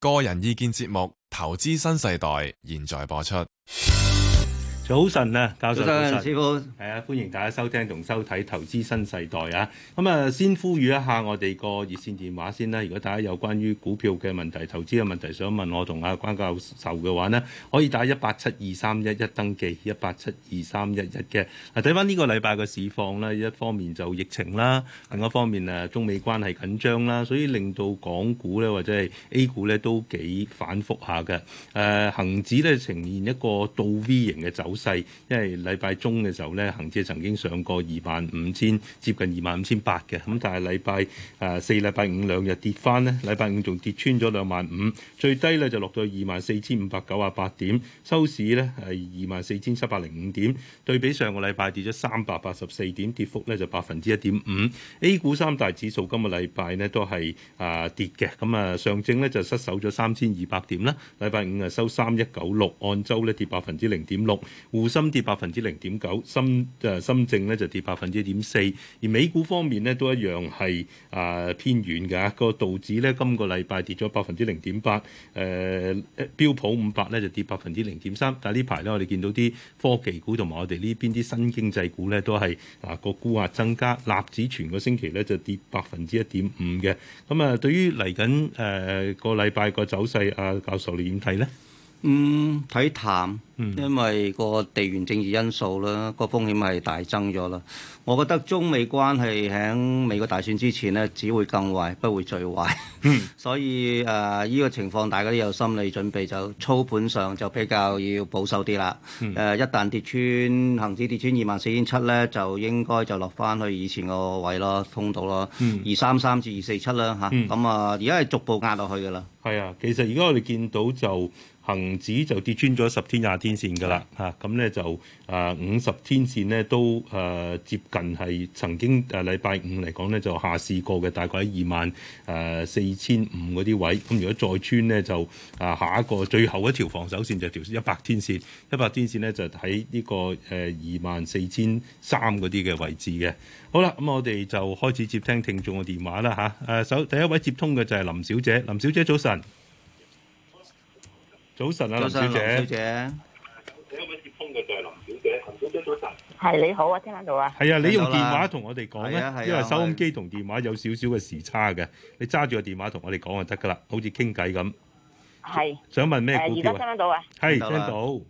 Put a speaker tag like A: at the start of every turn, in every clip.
A: 個人意見節目《投資新世代》現在播出。早晨啊，教授、師傅，係啊，歡迎大家收聽同收睇《投資新世代》啊！咁啊，先呼籲一下我哋個熱線電話先啦。如果大家有關於股票嘅問題、投資嘅問題想問我同阿關教授嘅話呢，可以打一八七二三一一登記，一八七二三一一嘅。睇翻呢個禮拜嘅市況啦，一方面就疫情啦，另一方面誒中美關係緊張啦，所以令到港股咧或者係 A 股咧都幾反覆下嘅。誒，恆指咧呈現一個倒 V 型嘅走。好，因為禮拜中嘅時候咧，恒指曾經上過二萬五千，接近二萬五千八嘅。咁但係禮拜誒四、禮拜五兩日跌翻咧，禮拜五仲跌穿咗兩萬五，最低咧就落到二萬四千五百九十八點，收市咧係二萬四千七百零五點。對比上個禮拜跌咗三百八十四點，跌幅咧就百分之一點五。A 股三大指數今個禮拜呢都係誒、呃、跌嘅，咁、嗯、啊上證咧就失守咗三千二百點啦。禮拜五啊收三一九六，按週咧跌百分之零點六。滬深跌百分之零點九，深誒深證咧就跌百分之一點四，而美股方面咧都一樣係誒、呃、偏軟嘅。個道指咧今個禮拜跌咗百分之零點八，誒、呃、標普五百咧就跌百分之零點三。但係呢排咧我哋見到啲科技股同埋我哋呢邊啲新經濟股咧都係啊個估壓增加，納指全個星期咧就跌百分之一點五嘅。咁啊、呃，對於嚟緊誒個禮
B: 拜個走勢，阿、呃、教授你點睇咧？嗯，睇淡，因為個地緣政治因素啦，個風險係大增咗啦。我覺得中美關係喺美國大選之前呢，只會更壞，不會最壞。嗯、所以誒，依、呃呢個情況大家都有心理準備就，就操盤上就比較要保守啲啦。誒、嗯呃，一旦跌穿恆指跌穿二萬四千七呢，就應該就落翻去以前個位咯，通道咯，二三三至二四七啦嚇。咁啊，而家係逐步壓落去噶啦。
A: 係啊，其實而家我哋見到就。恒指就跌穿咗十天廿天線㗎啦，嚇咁咧就誒五十天線呢，都誒、啊、接近係曾經誒禮拜五嚟講咧就下試過嘅，大概喺二萬誒四千五嗰啲位。咁、啊、如果再穿呢，就誒下一個最後一條防守線就係條一百天線，一百天線呢，就喺呢、這個誒二萬四千三嗰啲嘅位置嘅。好啦，咁我哋就開始接聽聽眾嘅電話啦吓，誒、啊、首第一位接通嘅就係林小姐，林小姐早晨。早晨啊，林小姐。早晨，一位接通嘅
B: 就係林小姐，林小姐早
A: 晨。係，
B: 你好啊，聽
A: 唔聽到啊？係啊，你用電話同我哋講咧，因為收音機同電話有少少嘅時差嘅，你揸住個電話同我哋講就得噶啦，好似傾偈咁。
B: 係。想問咩股票啊？而家聽到啊？係，聽到。誒，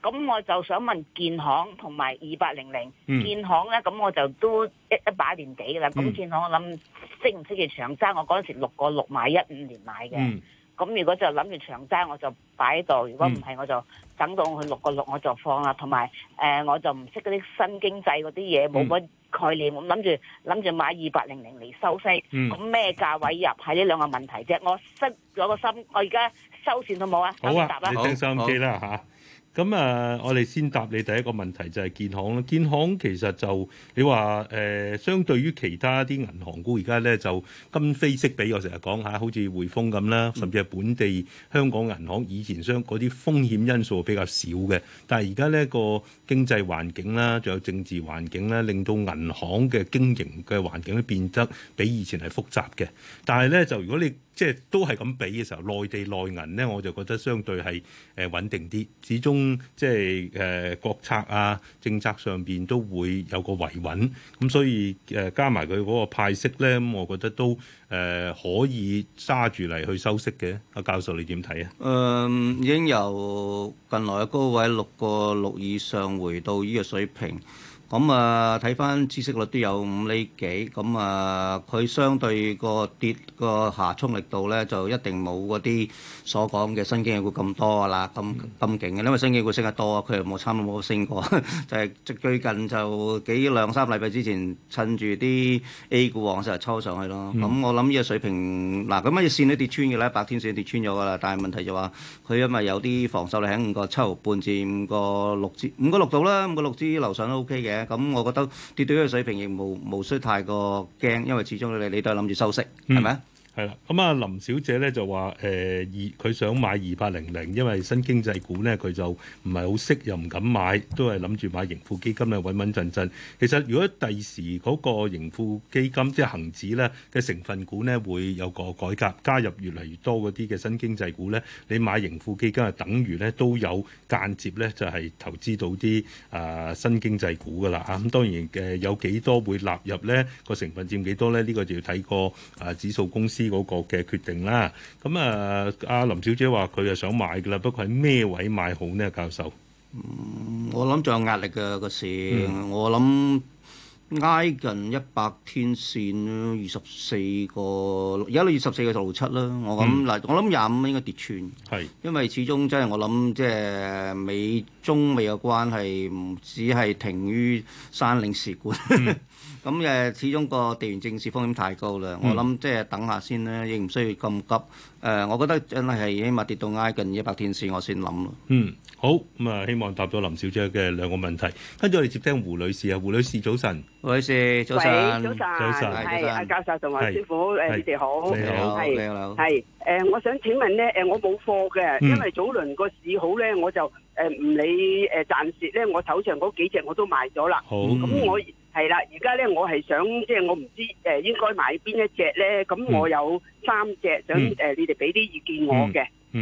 B: 咁我就想問建行同埋二八零零，建行咧，咁我就都一一把年紀啦，咁建行，我諗適唔適宜長揸？我嗰陣時六個六買一五年買嘅。咁如果就諗住長揸，我就擺喺度；如果唔係，我就等到佢六個六，我就放啦。同埋誒，我就唔識嗰啲新經濟嗰啲嘢，冇乜、嗯、概念。我諗住諗住買二百零零嚟收息，咁咩、嗯、價位入係呢兩個問題啫。我失咗個心，我而家收線都冇啊？好，等答好啊，你啦，收音機啦
A: 嚇。咁啊，我哋先答你第一個問題就係、是、建行啦。建行其實就你話誒、呃，相對於其他啲銀行股，而家咧就今非昔比。我成日講下好似匯豐咁啦，甚至係本地香港銀行以前相嗰啲風險因素比較少嘅，但係而家呢個經濟環境啦，仲有政治環境咧，令到銀行嘅經營嘅環境都變得比以前係複雜嘅。但係咧就如果你即係都係咁比嘅時候，內地內銀咧，我就覺得相對係誒穩定啲，始終即係誒國策啊政策上邊都會有個維穩，咁、嗯、所以誒、呃、加埋佢嗰個派息咧，我覺得都誒、呃、可以揸住嚟去收息嘅。阿、啊、教授你點睇啊？
B: 嗯，已經由近來嘅高位六個六以上回到呢個水平。咁啊，睇翻知識率都有五厘幾，咁啊，佢相對個跌個下衝力度咧，就一定冇嗰啲所講嘅新經股咁多噶啦，咁咁勁嘅，因為新經股升得多，啊，佢又冇差冇升過， 就係最最近就幾兩三個禮拜之前，趁住啲 A 股往上抽上去咯。咁、嗯、我諗呢個水平，嗱、啊，咁乜嘢線都跌穿嘅啦，白天線跌穿咗噶啦。但係問題就話，佢因為有啲防守力喺五個七毫半至五個六支，五個六度啦，五個六支樓上都 O K 嘅。咁，我覺得跌到呢個水平亦無無需太過驚，因為始終你你都係諗住收息，係咪啊？係啦，咁啊林小姐咧就話
A: 誒二佢想買二八零零，因為新經濟股咧佢就唔係好識又唔敢買，都係諗住買盈富基金啦，穩穩陣陣。其實如果第時嗰個盈富基金即係恒指咧嘅成分股咧會有個改革，加入越嚟越多嗰啲嘅新經濟股咧，你買盈富基金啊，等於咧都有間接咧就係投資到啲啊新經濟股㗎啦嚇。咁當然誒有幾多會納入咧個成分佔幾多咧？呢個就要睇個啊指數公司。嗰個嘅決定啦，咁啊，阿林小姐話佢又想買㗎喇，不過喺咩位買好呢？教授，
B: 嗯，我諗仲有壓力㗎，嗰時，嗯、我諗。挨近一百天線二十四個，而家二十四個圖七啦。我諗嗱，嗯、我諗廿五蚊應該跌穿。係是，因為始終真係我諗，即係美中美嘅關係唔止係停於閂領事館，咁誒、嗯， 嗯、始終個地緣政治風險太高啦。嗯、我諗即係等下先啦，亦唔需要咁急。誒、呃，我覺得真係係起碼跌到挨近一百天線我，我先諗咯。嗯。好咁啊，希望答咗林
A: 小姐嘅兩個問題。跟住我哋接聽胡女士啊，胡女士早晨，胡女士早晨，早晨，係阿教授同埋師傅，誒，你哋好，你好，係，你好，係
B: 誒，我想請問咧，誒，我冇貨嘅，因為早輪個市好咧，我就誒唔理誒，暫時咧，我手上嗰幾隻我都賣咗啦。好，咁我係啦，而家咧我係想即係我唔知誒，應該買邊一隻咧？咁我有三隻想誒，你哋俾啲意見我嘅，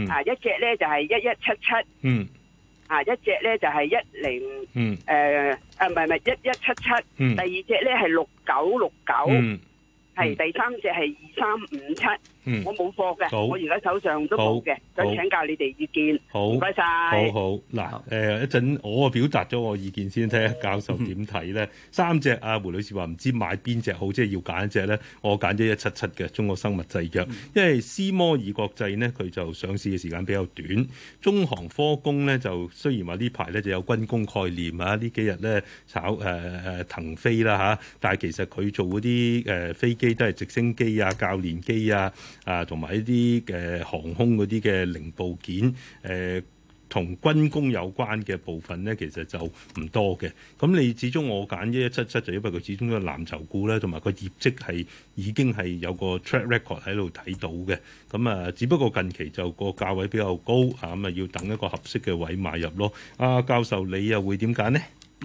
B: 啊，一隻咧就係一一七七，嗯。嗱，一隻咧就係一零，誒誒唔係唔係一一七七，第二隻咧係六九六九，係第三隻係二三五七。 嗯，我冇貨嘅，我而家手上都冇嘅，就請
A: 教你哋意見。好，唔該晒。好好嗱，誒，一陣我表達咗我意見先聽，教授點睇咧？ 三隻啊，胡女士話唔知買邊隻好，即係要揀一隻咧。我揀咗一七七嘅中國生物製藥，因為斯摩爾國際呢，佢就上市嘅時間比較短。中航科工咧，就雖然話呢排咧就有軍工概念啊，呢幾日咧炒誒誒騰飛啦吓，但係其實佢做嗰啲誒飛機都係直升機啊、教練機啊。啊，同埋一啲嘅航空嗰啲嘅零部件，誒、呃、同軍工有關嘅部分咧，其實就唔多嘅。咁你始終我揀一一七七就因為佢始終都係藍籌股咧，同埋個業績係已經係有個 track record 喺度睇到嘅。咁啊，只不過近期就個價位比較高啊，咁啊要等一個合適嘅位買入咯。阿、啊、教授，你
B: 又會點揀呢？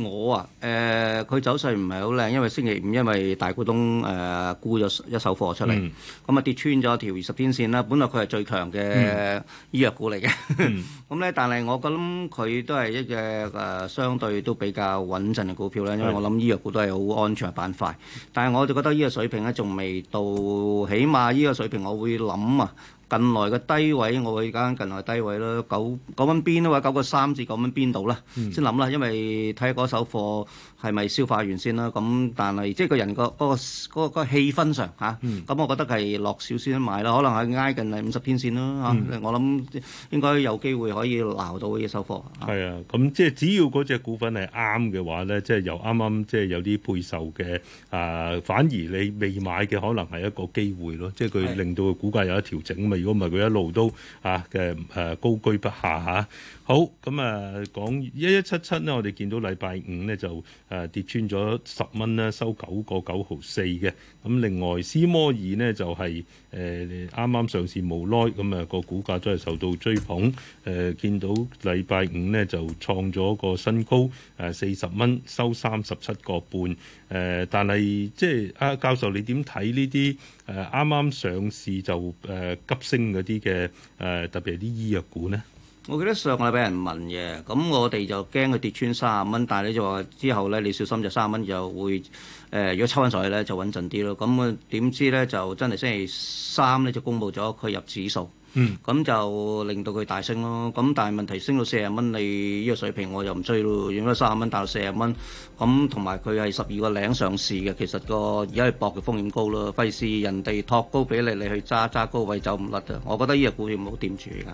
B: 我啊，誒、呃、佢走勢唔係好靚，因為星期五因為大股東誒、呃、沽咗一手貨出嚟，咁啊、嗯嗯嗯、跌穿咗條二十天線啦。本來佢係最強嘅醫藥股嚟嘅，咁咧、嗯 嗯、但係我諗佢都係一隻誒相對都比較穩陣嘅股票咧，因為我諗醫藥股都係好安全嘅板塊。但係我就覺得依個水平咧，仲未到，起碼依個水平我會諗啊。近來嘅低位，我會揀近來低位咯，九九蚊邊咯，或者九個三至九蚊邊度啦，先諗啦，因為睇嗰首貨。係咪消化完先啦？咁但係即係、個人、嗰個嗰個嗰個氣氛上嚇，咁、啊嗯、我覺得係落少少先買啦。可能係挨近係五十天線啦嚇，啊嗯、我諗應該有機會可以撈到啲收貨。係啊，
A: 咁、啊、即係只要嗰隻股份係啱嘅話咧，即係由啱啱即係有啲配售嘅啊、呃，反而你未買嘅可能係一個機會咯。即係佢令到個股價有得調整咁啊！如果唔係佢一路都啊嘅誒、啊啊、高居不下嚇。啊好咁啊、嗯，講一一七七呢，我哋見到禮拜五呢，就誒、啊、跌穿咗十蚊啦，收九個九毫四嘅。咁、嗯、另外斯摩爾呢，就係誒啱啱上市冇耐，咁啊個股價都係受到追捧。誒、呃、見到禮拜五呢，就創咗個新高，誒四十蚊收三十七個半。誒、呃、但係即係啊，教授你點睇呢啲誒啱啱上市就誒、呃、急升嗰啲嘅誒特別係啲醫藥股呢？
B: 我記得上禮拜俾人問嘅，咁我哋就驚佢跌穿卅蚊，但係你就話之後咧，你小心就卅蚊就會誒、呃，如果抽翻上去咧就穩陣啲咯。咁啊點知咧就真係星期三咧就公布咗佢入指數，咁、嗯、就令到佢大升咯。咁但係問題升到四十蚊，你呢個水平我又唔追咯。如果卅蚊彈到四十蚊，咁同埋佢係十二個零上市嘅，其實個而家係博嘅風險高咯。費事人哋托高俾你，你去揸揸高位走唔甩啊！我覺得呢隻股票唔好掂住㗎。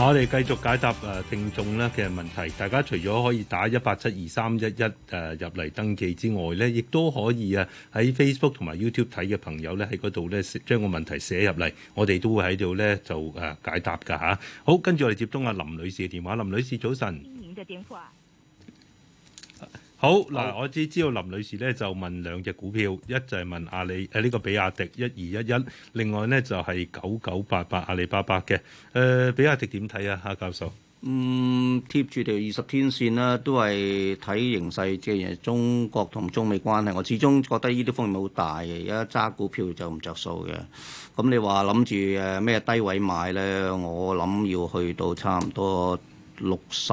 A: 我哋繼續解答誒聽眾咧嘅問題。大家除咗可以打一八七二三一一誒入嚟登記之外咧，亦都可以啊喺 Facebook 同埋 YouTube 睇嘅朋友咧喺嗰度咧將個問題寫入嚟，我哋都會喺度咧就誒解答噶吓。好，跟住我哋接通阿林女士嘅電話。林女士，早晨。英英
B: 嘅電話。
A: 好嗱，我知知道林女士咧就問兩隻股票，一就係問阿里誒呢、啊呢個比亞迪一二一一，11，另外咧就係九九八八、阿里巴巴嘅誒、呃，比亞迪點睇啊？哈教授，嗯，
B: 貼住條二十天線啦，都係睇形勢嘅，即係中國同中美關係，我始終覺得呢啲風險好大嘅，而家揸股票就唔着數嘅。咁你話諗住誒咩低位買咧？我諗要去到差唔多六十。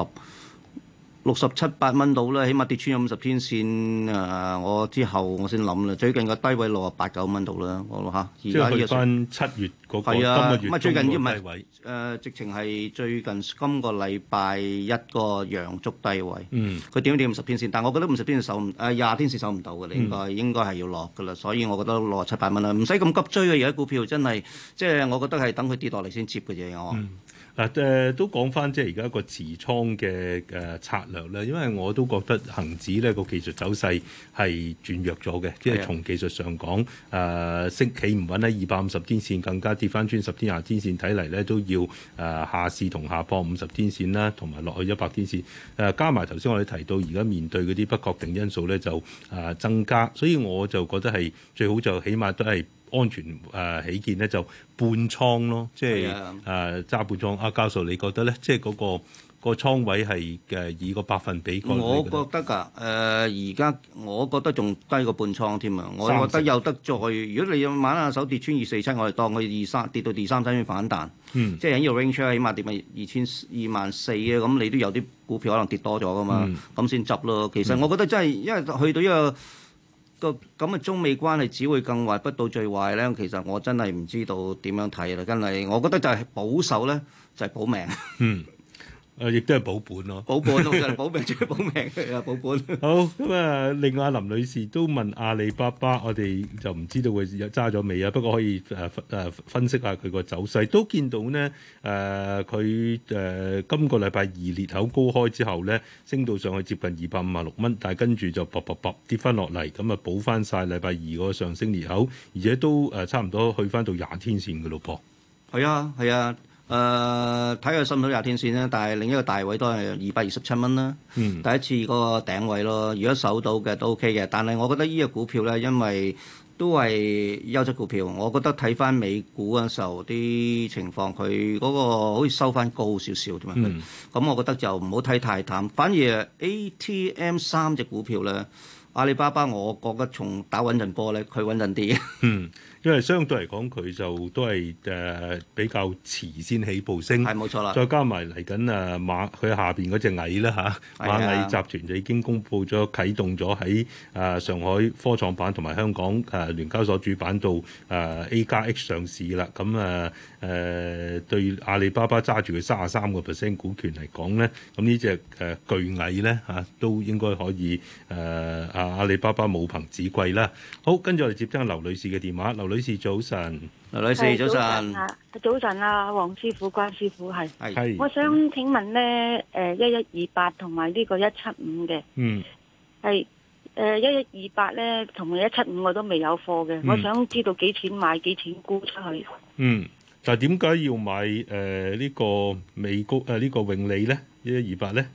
B: 六十七八蚊到啦，起碼跌穿咗五十天線啊、呃！我之後我先諗啦，最近個低位六十八九蚊到啦，我嚇而家即係七月嗰、那個，係啊，咁啊最近亦唔係誒，直情係最近今個禮拜一個陽燭低位，佢、嗯、點都跌五十天線，但我覺得五十天線守唔誒廿天線守唔到嘅，應該、嗯、應該係要落嘅啦，所以我覺得六十七八蚊啦，唔使咁急追啊！而家股票真係即係，就是就是、我覺得係等佢跌落嚟先接嘅啫。我。嗯嗱，誒都講翻即係而家個持倉嘅誒策略咧，因為
A: 我都覺得恒指呢個技術走勢係轉弱咗嘅，的即係從技術上講，誒、呃、升企唔穩咧，二百五十天線更加跌翻穿十天下、廿天線，睇嚟咧都要誒下市同下破五十天線啦，同埋落去一百天線。誒加埋頭先我哋提到而家面對嗰啲不確定因素咧，就誒增加，所以我就覺得係最好就起碼都係。安全誒、呃、起見咧就半倉咯，即係誒揸半倉。阿、啊、教授你覺得咧？即係嗰個、那個倉位係嘅、呃、以個百分比我、呃我。我覺
B: 得㗎誒，而家我覺得仲低過半倉添啊！我覺得有得再。如果你要玩下手跌穿二四七，我哋當佢二三跌到二三七先反彈。嗯、即係喺呢個 range 啊，起碼跌埋二千二萬四啊，咁你都有啲股票可能跌多咗噶嘛，咁先執咯。其實我覺得真係因為去到一個。個咁啊，中美關係只會更壞，不到最壞咧。其實我真係唔知道點樣睇啦，真係。我覺得就係保守咧，就係保命。嗯。
A: 誒，亦、啊、都係保本咯、啊，保本通
B: 常保命最
A: 保命嘅，保本。保好咁啊、嗯，另外阿林女士都問阿里巴巴，我哋就唔知道佢揸咗未啊？不過可以誒誒分析下佢個走勢，都見到呢，誒、呃，佢誒、呃、今個禮拜二裂口高開之後呢，升到上去接近二百五十六蚊，但係跟住就卜卜卜跌翻落嚟，咁啊補翻晒禮拜二個上升裂口，而且都誒差唔多去翻到廿天線嘅咯噃。
B: 係啊，係啊。誒睇佢守唔到廿天線咧，但係另一個大位都係二百二十七蚊啦，mm. 第一次嗰個頂位咯。如果守到嘅都 OK 嘅，但係我覺得呢隻股票咧，因為都係優質股票，我覺得睇翻美股嗰時候啲情況，佢嗰個好似收翻高少少點啊？咁、mm. 我覺得就唔好睇太淡，反而 ATM 三隻股票咧，阿里巴巴我覺得從打穩陣波咧，佢穩陣啲。Mm. 因為相對嚟講，佢就都係誒、呃、比較遲先
A: 起步升，係冇錯啦。再加埋嚟緊啊馬，佢下邊嗰隻蟻啦嚇，啊、 螞蟻集團就已經公布咗啟動咗喺啊上海科創板同埋香港誒、呃、聯交所主板做誒 A 加 H 上市啦，咁、嗯、誒。呃誒，對阿里巴巴揸住佢三十三個 percent 股權嚟講咧，咁呢隻誒巨蟻咧吓都應該可以誒阿、啊、阿里巴巴母憑子貴啦。好，跟住我哋接聽劉女士嘅電話。劉女士早晨，劉女士早晨，早
B: 晨、啊，早晨啊，黃師傅、關師傅，係係，是我想請問咧，誒，一一二八同埋呢個一七五嘅，嗯，係誒一一二八咧同埋一七五我都未有貨嘅，嗯、我想知道幾錢買，幾錢沽出去，嗯。
A: 但係點解要買誒呢個美高誒呢個永利咧？一一二八咧？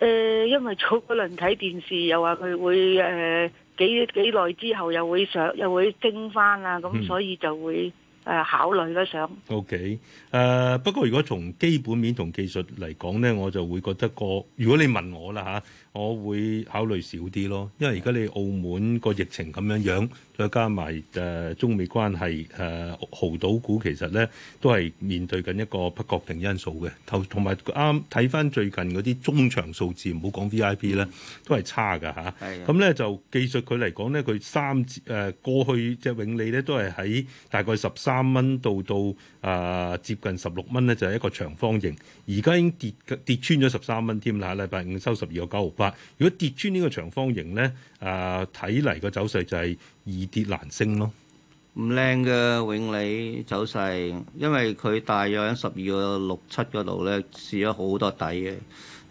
B: 誒，因為早嗰輪睇電視又話佢會誒幾幾耐之後又會上又會升返啊，咁所以就會誒考慮得上。
A: O K，誒不過如果從基本面同技術嚟講咧，我就會覺得個如果你問我啦嚇。我會考慮少啲咯，因為而家你澳門個疫情咁樣樣，再加埋誒、呃、中美關係誒，濠、呃、賭股其實咧都係面對緊一個不確定因素嘅。同同埋啱睇翻最近嗰啲中場數字，唔好講 V I P 咧，都係差㗎吓。咁、啊、咧的就技術佢嚟講咧，佢三隻誒、呃、過去隻永利咧都係喺大概十三蚊度到。啊，接近十六蚊咧，就係、是、一個長方形。而家已經跌跌穿咗十三蚊添啦！喺禮拜五收十二個九毫八。如果跌穿呢個長方形咧，啊，睇嚟個走勢就係易跌難升
B: 咯。唔靚嘅永利走勢，因為佢大約喺十二個六七嗰度咧，試咗好多底嘅。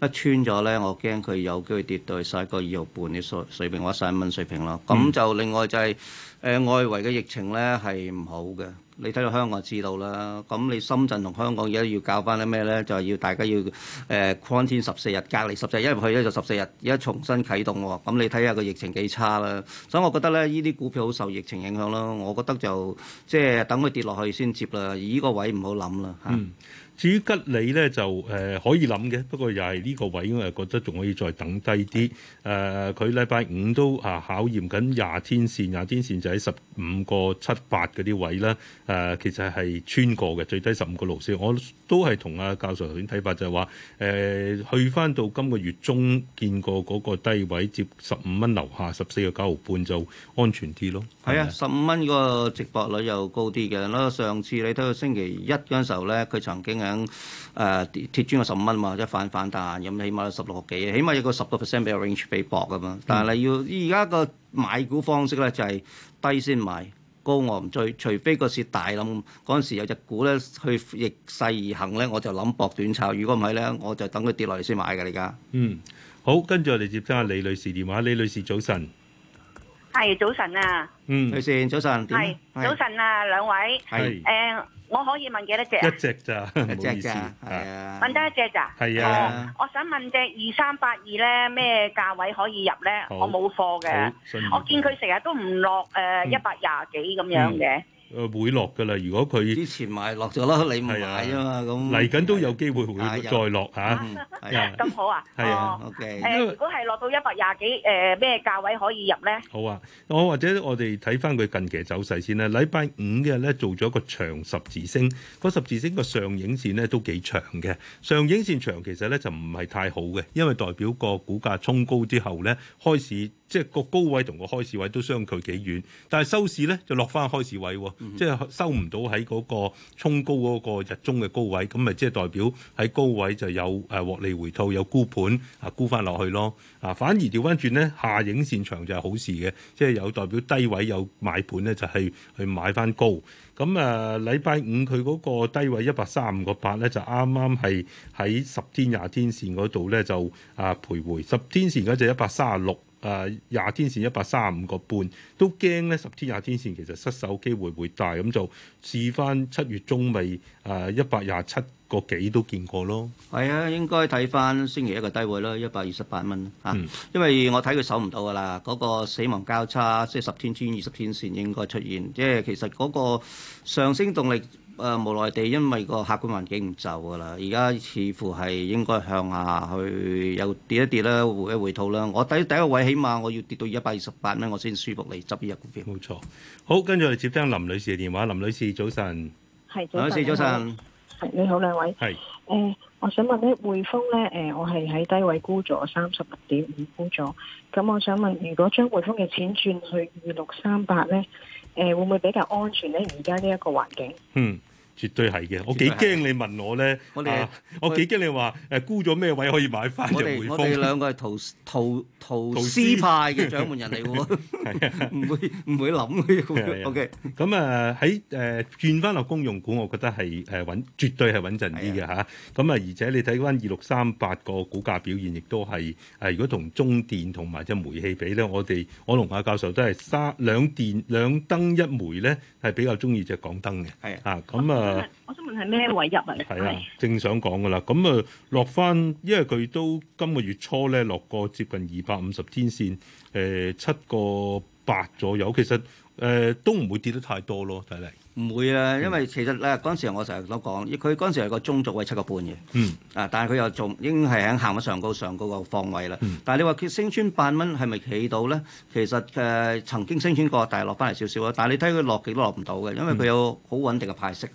B: 一穿咗咧，我驚佢有機會跌到去晒個二毫半啲水水平或者十蚊水平咯。咁、嗯、就另外就係、是、誒、呃、外圍嘅疫情咧係唔好嘅。你睇到香港知道啦，咁你深圳同香港而家要搞翻啲咩咧？就係、是、要大家要誒 quarantine 十四日隔離十四日，一入去咧就十四日，而家重新啟動喎。咁、哦、你睇下個疫情幾差啦。所以我覺得咧，呢啲股票好受疫情影響咯。我覺得就即係、就是、等佢跌落去先接啦，呢個位唔好諗啦嚇。嗯至於吉利咧，就誒、呃、可以諗嘅，不過又係呢個位，我係覺得仲可以再等低
A: 啲。誒、呃，佢禮拜五都啊考驗緊廿天線，廿天線就喺十五個七八嗰啲位啦。誒、呃，其實係穿過嘅最低十五個路線，我都係同阿教授頭先睇法，就係話誒去翻到今個月中見過嗰個低位接十五蚊樓下十四個九毫半就安全啲咯。
B: 係啊，十五蚊個直播率又高啲嘅咯。上次你睇到星期一嗰陣時候咧，佢曾經啊～等誒、嗯、鐵鐵磚十五蚊嘛，即係反反彈咁，起碼十六個幾，起碼有個十個 percent 嘅 range 被博咁嘛。但係你要而家個買股方式咧，就係低先買，高我唔追，除非個市大啦。嗰陣時有隻股咧去逆勢而行咧，我就諗博短炒。如果唔係咧，我就等佢跌落嚟先買㗎，你而家，嗯，好，跟住我哋接聽下李女士電話。李女士早晨，係早晨啊！嗯，女士早晨，係早晨啊，兩位，係誒是。是我可以問幾多隻？一隻咋，唔好意思。問多一隻咋？係啊，我想問隻二三八二咧，咩價位可以入咧？好我冇貨嘅，我見佢成日都唔落誒一百廿幾咁樣嘅。嗯嗯
A: 誒會落㗎啦！如果佢之前咪落咗咯，你咪買啊嘛，咁嚟緊都有機會會再落吓。咁好啊，係啊、哦，OK。誒，如
B: 果係落到一百廿幾誒，咩價位可以入咧？
A: 好啊，我或者我哋睇翻佢近期走勢先啦，啊。禮拜五嘅咧做咗一個長十字星，個十字星個上影線咧都幾長嘅。上影線長其實咧就唔係太好嘅，因為代表個股價衝高之後咧開始，即係個高位同個開市位都相距幾遠，但係收市咧就落翻開市位，即係收唔到喺嗰個衝高嗰個日中嘅高位，咁咪即係代表喺高位就有誒獲利回吐，有沽盤啊沽翻落去咯啊。反而調翻轉咧，下影線長就係好事嘅，即係有代表低位有買盤咧，就係去買翻高咁啊。禮拜五佢嗰個低位一百三十五個八咧，就啱啱係喺十天廿天線嗰度咧就啊徘徊，十天線嗰隻一百三十六。誒廿、uh, 天線一百三十五個半，都驚咧十天廿天線其實失守機會會大，咁就試翻七月中咪誒一百廿七個幾都見過咯。
B: 係啊，應該睇翻星期一個低位啦，一百二十八蚊嚇，啊嗯、因為我睇佢守唔到噶啦，嗰、那個死亡交叉即係十天至二十天線應該出現，即、就、係、是、其實嗰個上升動力。誒無奈地，因為個客觀環境唔就㗎啦，而家似乎係應該向下去又跌一跌啦，回一回套啦。我睇第一個位，起碼我要跌到一百二十八咧，我先舒服嚟執呢一股票。冇錯，好，跟住嚟接聽林女士嘅電話。林女士早晨，係早晨，早晨，係你好，兩位，係誒，我想問咧，匯豐咧，誒，我係喺低位沽咗三十八點五沽咗，咁我想問，如果將匯豐嘅錢轉去二六三八咧，誒，會唔會比較安全咧？而家呢一個環境，嗯。
A: 絕對係嘅，我幾驚你問我咧， 我幾驚你話誒沽咗咩位可以買翻？我哋我哋兩個係圖圖圖師派嘅掌門人嚟，唔 的 會
B: 唔會諗嘅。O K。
A: 咁啊喺誒轉翻落公用股，我覺得係誒穩，絕對係穩陣啲嘅嚇。咁啊的，而且你睇翻二六三八個股價表現，亦都係誒如果同中電同埋隻煤氣比咧，我哋我同阿教授都係三兩電兩燈一煤咧，係比較中意隻港燈嘅。係的 啊，咁啊。嗯、我想問係咩位入啊？係啊，正想講噶啦。咁、嗯、啊，落翻，因為佢都今個月初咧落過接近二百五十天線，誒、呃，七個八左右，其實誒、呃、都唔會跌得太多咯。睇嚟。
B: 唔會啦，因為其實嗱嗰陣時我成日都講，佢嗰陣時係個中軸位七個半嘅，啊但係佢又仲應係喺行喺上高上高個方位啦。但係你話佢升穿八蚊係咪企到咧？其實誒曾經升穿過，但係落翻嚟少少啊。但係你睇佢落幾都落唔到嘅，因為佢有好穩定嘅派息，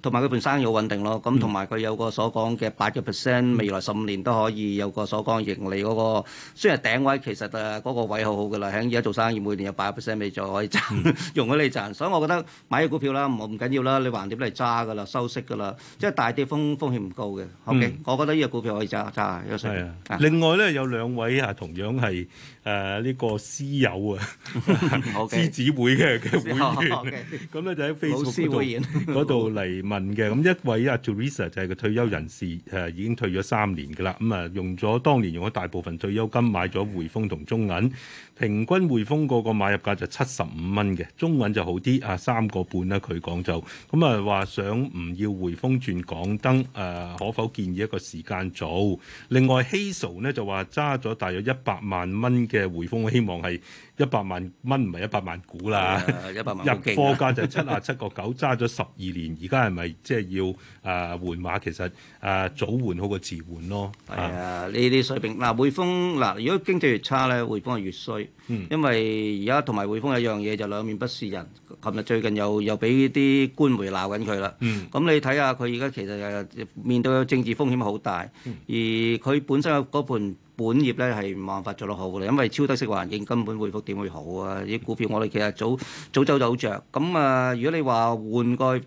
B: 同埋佢本身生意又穩定咯。咁同埋佢有個所講嘅八個 percent 未來十五年都可以有個所講盈利嗰個，雖然頂位其實誒嗰個位好好嘅啦，喺而家做生意每年有八 percent 你就可以賺，用咗你賺。所以我覺得買啲股票啦。我唔緊要啦，你橫掂嚟揸噶啦，收息噶啦，即係大跌風風險唔高嘅。OK，嗯、我覺得依個股票可以揸揸，係啊。嗯、另
A: 外咧，有兩位啊，同樣係。誒呢、uh, 個私友啊，獅 子會嘅會員，咁咧就喺 Facebook 嗰度嚟問嘅。咁、okay. 會 一位啊 j u r i s a 就係個退休人士，誒、啊、已經退咗三年㗎啦。咁、嗯、啊用咗當年用咗大部分退休金買咗匯豐同中銀，平均匯豐個個買入價就七十五蚊嘅，中銀就好啲啊，三個半啦佢講就咁、嗯、啊話想唔要匯豐轉港燈誒、啊，可否建議一個時間做？另外 Hazel 呢就話揸咗大約一百萬蚊。嘅匯豐，我希望係一百萬蚊唔係一百萬股啦，入貨價就七啊七個九，揸咗十二年，而家係咪即係要誒換馬？其
B: 實誒、呃、早換好過遲換咯。係啊，呢啲水平嗱、啊、匯豐嗱、啊，如果經濟越差咧，匯豐越衰，嗯、因為而家同埋匯豐一樣嘢就是兩面不是人。琴日最近又又俾啲官媒鬧緊佢啦。嗯，咁你睇下佢而家其實誒面對政治風險好大，嗯、而佢本身嘅嗰盤。本業咧係冇辦法做得好嘅，因為超低息環境根本回復點會好啊！啲股票我哋其實早 早走就好着。咁啊如果你話換個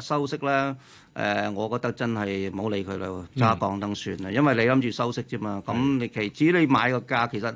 B: 收息咧，誒、呃、我覺得真係唔好理佢啦，揸降燈算啦，因為你諗住收息啫嘛，咁你其 至於你買個價，其實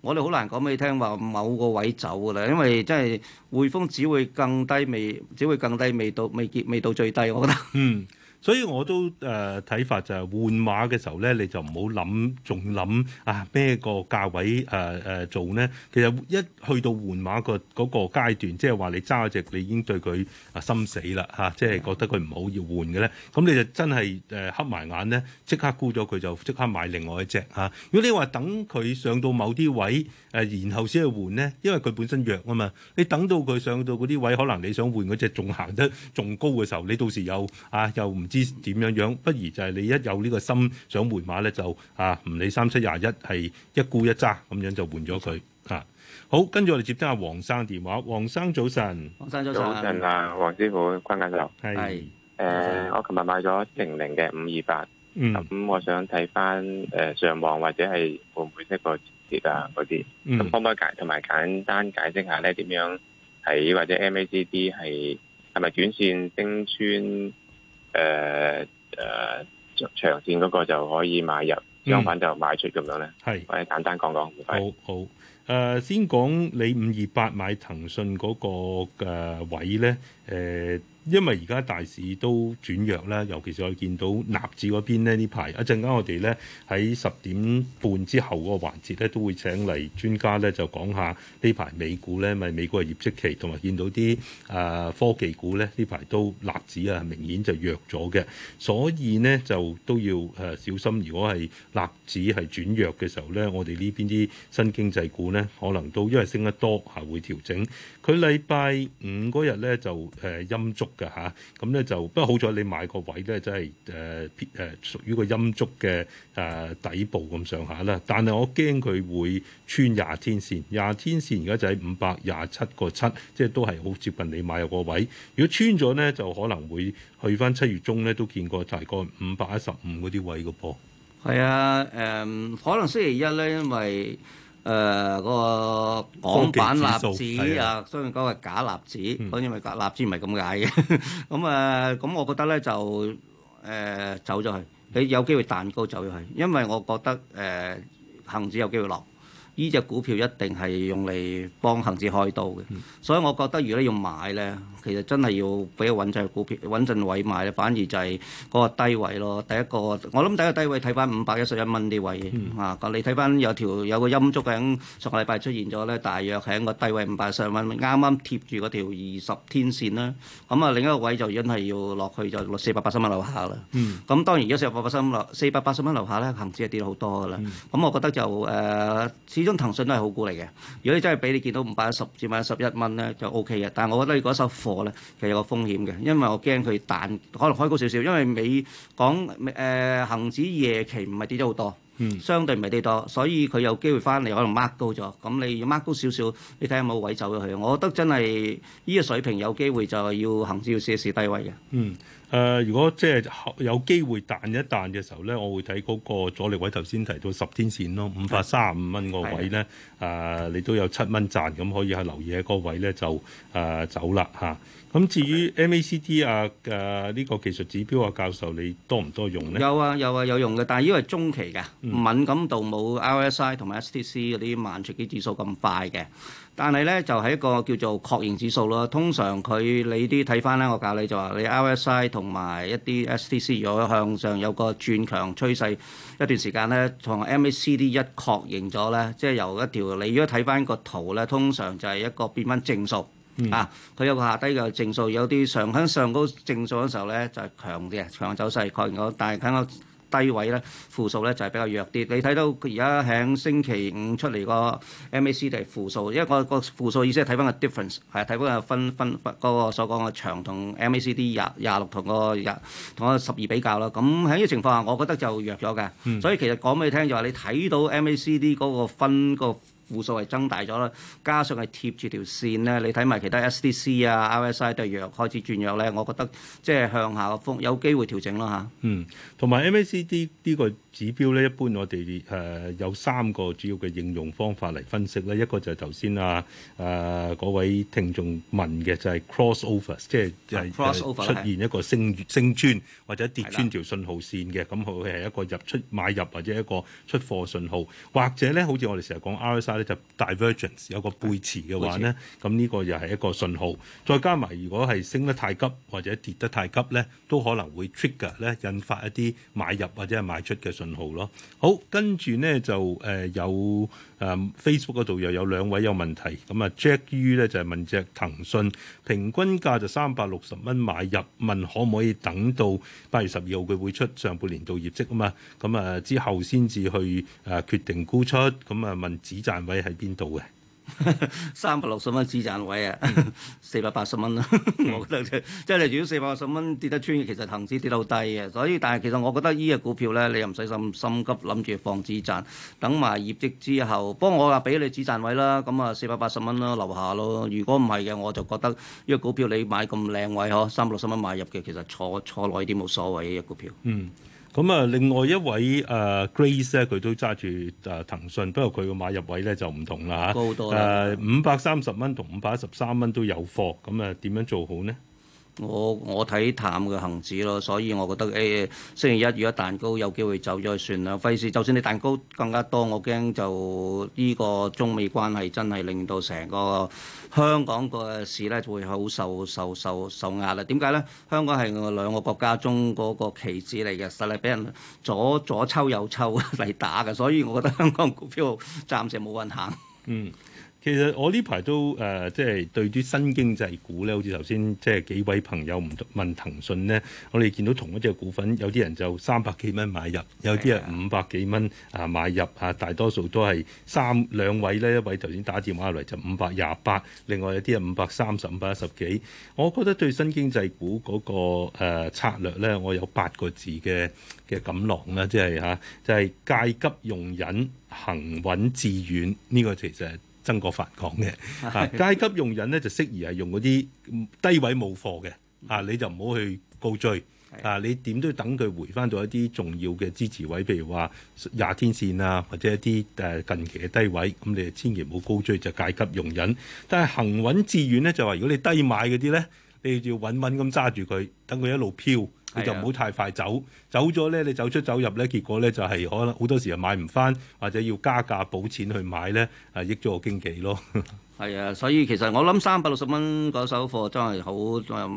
B: 我哋好難講俾你聽話某個位走嘅啦，因為真係匯豐只會更低未，只會更低未到未結未到最低，我覺得。嗯。 所以我都誒
A: 睇法就係換馬嘅時候咧，你就唔好諗，仲諗啊咩個價位誒誒、啊啊、做咧？其實一去到換馬個嗰個階段，即係話你揸隻你已經對佢啊心死啦嚇，即、啊、係、就是、覺得佢唔好要換嘅咧。咁你就真係誒黑埋眼咧，即刻沽咗佢就即刻買另外一隻嚇、啊。如果你話等佢上到某啲位誒、啊，然後先去換咧，因為佢本身弱啊嘛。你等到佢上到嗰啲位，可能你想換嗰隻仲行得仲高嘅時候，你到時又啊又唔～知點樣樣，不如就係你一有呢個心想換馬咧，就啊唔理三七廿一係一估一揸咁樣就換咗佢啊！好，跟住我哋接聽阿黃生電話。黃生早晨，早晨啊，黃師傅，關教授，係誒、呃，我琴日買咗零零嘅五二八，咁我、嗯嗯、想睇翻誒上網或者係會唔會識個折折啊嗰啲，咁可唔可以解同埋簡單解釋下咧點樣睇或者 MACD 係係咪短線升穿？誒誒長長線嗰個就可以買入，相反就賣出咁樣咧。係是，或者簡單單講講。好好，誒、呃、先講你五二八買騰訊嗰個位咧，誒、呃。因為而家大市都轉弱啦，尤其是我見到納指嗰邊呢排一陣間，我哋咧喺十點半之後嗰個環節咧都會請嚟專家咧就講下呢排美股咧咪美股係業績期，同埋見到啲誒科技股咧呢排都納指啊明顯就弱咗嘅，所以呢，就都要誒小心。如果係納指係轉弱嘅時候咧，我哋呢邊啲新經濟股咧可能都因為升得多係會調整。佢禮拜五嗰日咧就誒陰燭。噉吓，咁咧就，不過好彩你買個位咧，真係誒誒屬於個陰燭嘅誒底部咁上下啦。但係我驚佢會穿廿天線，廿天線而家就喺五百廿七個七，即係都係好接近你買入個位。如果穿咗咧，就可能會去翻七月中咧都見過大概五百一十五嗰啲位嘅噃。
B: 係啊，誒、嗯、可能星期一咧，因為。誒嗰、呃那個港版臘子啊，雖然講係假臘子，嗯、因為假假臘子唔係咁解嘅。咁 誒、嗯，咁、嗯、我覺得咧就誒、呃、走咗去，你有機會蛋糕走咗去，因為我覺得誒恆指有機會落。呢隻股票一定係用嚟幫恒指開刀嘅，嗯、所以我覺得如果你要買咧，其實真係要比較穩陣股票、穩陣位買咧，反而就係嗰個低位咯。第一個，我諗第一個低位睇翻五百一十一蚊啲位、嗯、啊，你睇翻有條有個陰燭喺上個禮拜出現咗咧，大約喺個低位五百一十一蚊，啱啱貼住嗰條二十天線啦。咁、嗯、啊，嗯嗯、另一個位就真係要落去就四百八十蚊樓下啦。咁、嗯、當然如果上破八十蚊，四百八十蚊樓下咧，恒指係跌好多噶啦。咁我覺得就誒，呃呢種騰訊都係好股嚟嘅，如果你真係俾你見到五百一十至五百一十一蚊咧，就 O K 嘅。但係我覺得你嗰手貨咧，其實有個風險嘅，因為我驚佢彈，可能開高少少，因為美港誒、呃、恆指夜期唔係跌咗好多，嗯，相對唔係跌多，所以佢有機會翻嚟，可能 mark 高咗。咁你要 mark 高少少，你睇下有冇位走咗去。我覺得真係依個水平有機會就係要恆指要試一試低位嘅，嗯。
A: 誒，如果即係有機會彈一彈嘅時候咧，我會睇嗰個阻力位，頭先提到十天線咯，五百三十五蚊個位咧，誒的、呃，你都有七蚊賺，咁可以喺留意喺個位咧就誒、呃、走啦
B: 嚇。咁至於 MACD 啊、呃、誒呢、呢個技術指標啊，教授你多唔多用咧、啊？有啊有啊有用嘅，但係因為中期嘅敏感度冇 RSI 同埋 STC 嗰啲慢速機指數咁快嘅。但係咧就係、是、一個叫做確認指數咯。通常佢你啲睇翻咧，我教你就話你 R S I 同埋一啲 S T C，如果向上有個轉強趨勢一段時間咧，從 M A C D 一確認咗咧，即係由一條你如果睇翻個圖咧，通常就係一個變翻正數、嗯、啊。佢有個下低嘅正數，有啲上向上高正數嘅時候咧，就係、是、強啲嘅強走勢確認咗，但係睇我。低位咧負數咧就係比較弱啲，你睇到佢而家喺星期五出嚟個 MACD 負數，因為個個負數意思係睇翻個 difference，係睇翻個分分嗰個所講嘅長同 MACD 廿廿六、那、同個廿同個十二比較啦。咁喺呢個情況下，我覺得就弱咗嘅，嗯、所以其實講俾你聽就係你睇到 MACD 嗰個分、那個。負數係增大咗啦，加上係貼住條線咧，你睇埋其他 S D C 啊、R S I 都弱，開始轉弱咧，我覺得即係向下嘅風，有機會調整啦嚇。嗯，
A: 同埋 M A C D 呢個指標咧，一般我哋誒有三個主要嘅應用方法嚟分析咧，一個就係頭先啊誒嗰位聽眾問嘅就係 cross over，即係誒出現一個升升穿或者跌穿條信號線嘅，咁佢係一個入出買入或者一個出貨信號，或者咧好似我哋成日講 R S I。就 divergence 有個背馳嘅話咧，咁呢持個又係一個信號，再加埋如果係升得太急或者跌得太急咧，都可能會 trigger 咧，引發一啲買入或者係賣出嘅信號咯。好，跟住咧就誒、呃、有誒、呃、Facebook 度又有兩位有問題，咁、嗯、啊 Jack Yu 咧就係、是、問隻騰訊平均價就三百六十蚊買入，問可唔可以等到八月十二號佢會出上半年度業績啊嘛？咁、嗯、啊、嗯、之後先至去誒、呃、決定沽出。咁、嗯、啊問止
B: 賺。位喺邊度嘅？三百六十蚊止賺位啊，四百八十蚊咯。我覺得即係，你如果四百八十蚊跌得穿，其實恆指跌到低啊。所以，但係其實我覺得依隻股票咧，你又唔使咁心急，諗住放止賺，等埋業績之後。幫我啊，俾你止賺位啦。咁啊，四百八十蚊咯，留下咯。如果唔係嘅，我就覺得呢個股票你買咁靚位嗬，三百六十蚊買入嘅，其實坐坐耐啲冇所謂嘅股票。 嗯。
A: 咁啊，另外一位 Grace 咧，佢都揸住誒騰訊，不過佢個買入位咧就唔同啦嚇，誒五百三十蚊同五百一十三蚊都有貨，咁啊點
B: 樣做好呢？我我睇淡嘅恒指咯，所以我覺得誒、欸、星期一如果彈高有機會走咗算啦，費事就算你彈高更加多，我驚就呢、這個中美關係真係令到成個香港個市咧就會好受受受受壓啦。點解咧？香港係兩個國家中嗰個棋子嚟嘅，實係俾人左左抽右抽嚟打嘅，所以我覺得香港股票暫時冇運行。嗯。其實我呢排都誒，即、呃、係、就是、對啲新經濟股咧，好似
A: 頭先即係幾位朋友唔問騰訊咧，我哋見到同一隻股份，有啲人就三百幾蚊買入，有啲啊五百幾蚊啊買入啊。的大多數都係三兩位咧，一位頭先打電話入嚟就五百廿八，另外有啲啊五百三十、五百一十幾。我覺得對新經濟股嗰、那個、呃、策略咧，我有八個字嘅嘅錦囊啦，即係嚇就係、是啊就是、戒急用忍，行穩致遠。呢、這個其實曾國藩講嘅，階級用忍咧就適宜係用嗰啲低位冇貨嘅，嚇、啊、你就唔好去高追，嚇、啊、你點都要等佢回翻到一啲重要嘅支持位，譬如話廿天線啊，或者一啲誒近期嘅低位，咁你千祈唔好高追就階級用忍。但係行穩致遠咧，就話如果你低買嗰啲咧，你要穩穩咁揸住佢，等佢一路飄。你就唔好太快走，走咗咧，你走出走入咧，結果咧就係可能好多時又買唔翻，或者要加價補錢去買咧，
B: 係益咗個經紀咯。係啊，所以其實我諗三百六十蚊嗰手貨真係好，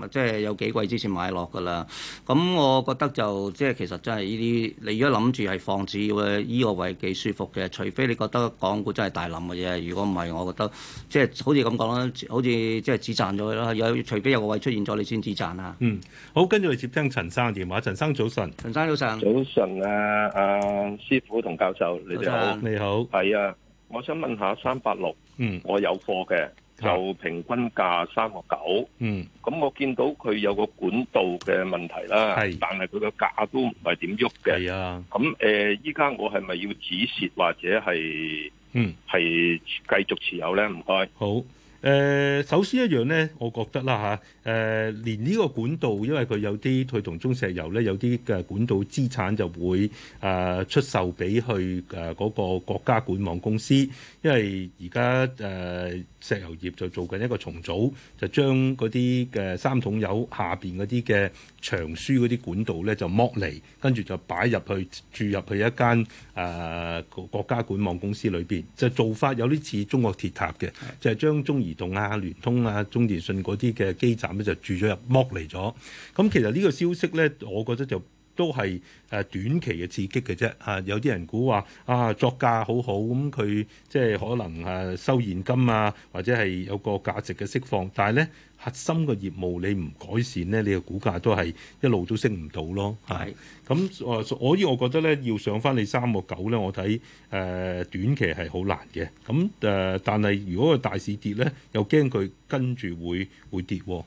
B: 即係有幾貴之前買落㗎啦。咁我覺得就即係其實真係呢啲，你如果諗住係放置嘅，呢個位幾舒服嘅。除非你覺得港股真係大冧嘅啫，如果唔係，我覺得即係好似咁講啦，好似即係止賺咗佢啦，有除非有個位出現咗，你先止賺啊。嗯，好，跟住嚟接聽陳生電話。陳生早晨。陳生早晨。
A: 早晨啊，阿、啊、師傅同教授，你哋好。早晨。你好。係啊，我想問下三百六。嗯，mm. 我有貨嘅，就平均價三個九。嗯，咁我見到佢有個管道嘅問題啦，是但係佢個價都唔係點喐嘅。係啊，咁誒、嗯，依家我係咪要止蝕或者係嗯係繼續持有咧？唔該，好。誒，首先一樣咧，我覺得啦嚇，誒，連呢個管道，因為佢有啲佢同中石油咧有啲嘅管道資產就會誒出售俾去誒嗰個國家管網公司，因為而家誒。呃石油業就做緊一個重組，就將嗰啲嘅三桶油下邊嗰啲嘅長輸嗰啲管道咧就剝離，跟就住就擺入去住入去一間誒、呃、國家管網公司裏邊，就做法有啲似中國鐵塔嘅，就係、是、將中移動啊、聯通啊、中電信嗰啲嘅基站咧就住咗入剝離咗。咁、嗯、其實呢個消息咧，我覺得就。都係誒短期嘅刺激嘅啫。啊有啲人估話啊，作價好好咁，佢即係可能誒收現金啊，或者係有個價值嘅釋放，但係咧核心嘅業務你唔改善咧，你嘅股價都係一路都升唔到咯。係咁誒，所以是我覺得咧要上翻你三個九咧，我睇誒、呃、短期係好難嘅。咁誒、呃，但係如果個大市跌咧，又驚佢跟住會會跌喎、啊。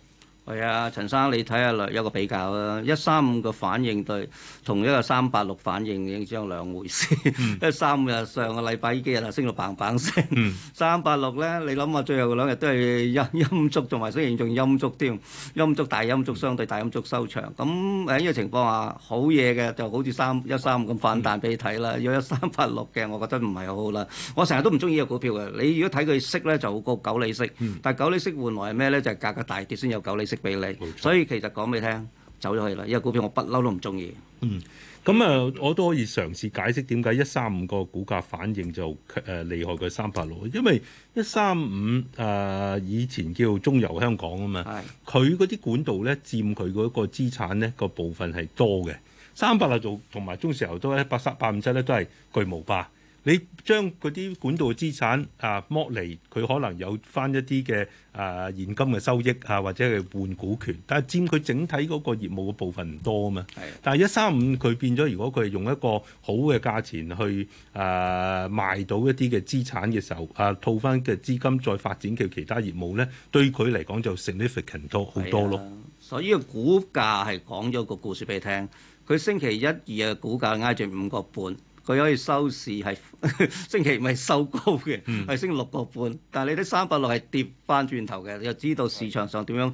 B: 係啊，陳生，你睇下有一個比較啦，一三五個反應對同一個三八六反應已經係兩回事。一三五日上個禮拜呢幾日啦，升到嘭嘭聲。三八六咧，你諗下最後兩日都係陰陰燭，同埋雖然仲陰燭添，陰燭大陰燭相對大陰燭收場。咁喺呢個情況下，好嘢嘅就好似三一三五咁反彈俾你睇啦。如果一三八六嘅，我覺得唔係好好啦。我成日都唔中意呢個股票嘅。你如果睇佢息咧，就個九厘息。但係九厘息換來係咩咧？就係價格大跌先有九厘息。俾你，所以其實講俾你聽，走咗去啦，因為股票我不嬲都唔中意。嗯，
A: 咁啊，我都可以嘗試解釋點解一三五個股價反應就誒厲害過三八六，360，因為一三五啊，以前叫中油香港啊嘛，佢嗰啲管道咧佔佢嗰個資產咧個部分係多嘅，三八六度同埋中石油都咧八三八五七咧都係巨無霸。你將嗰啲管道資產啊剝離，佢可能有翻一啲嘅啊現金嘅收益啊，或者係換股權。但係佔佢整體嗰個業務嘅部分唔多啊嘛。係。但係一三五佢變咗，如果佢係用一個好嘅價錢去啊賣到一啲嘅資產嘅時候，啊套翻嘅資金再發展佢其他業務咧，對佢嚟講就 significant 多
B: 好多咯。所以個股價係講咗個故事俾你聽。佢星期一、二嘅股價挨住五個半。佢可以收市係 星期五咪收高嘅，係、嗯、升六個半。但係你啲三百六係跌翻轉頭嘅，你又知道市場上點樣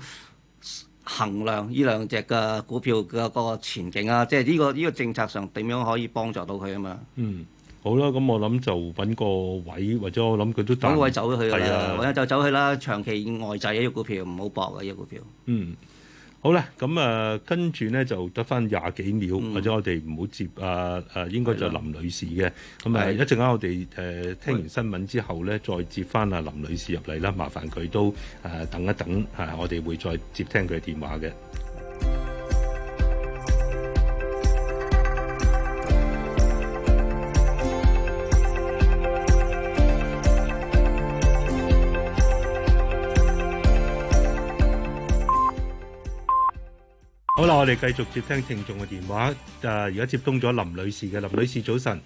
B: 衡量呢兩隻嘅股票嘅個前景啊！即係呢個呢、呢個政策上點樣可以幫助到佢啊嘛？
A: 嗯，
B: 好啦，咁我諗就揾個位，或者我諗佢都走位走咗去啦，或者、啊啊啊、就走去啦。長期外滯嘅、啊呢個、股票唔好搏嘅，啲、啊呢個、股票嗯。
A: 好啦，咁啊，跟住呢就得翻廿幾秒，嗯、或者我哋唔好接啊啊，應該就林女士嘅。咁啊的，一陣間我哋誒聽完新聞之後呢，的再接翻啊林女士入嚟啦。麻煩佢都誒等一等啊，我哋會再接聽佢電話嘅。好啦，我哋繼續接聽聽眾嘅電話。誒，而家接通咗林女士嘅。林女士早晨。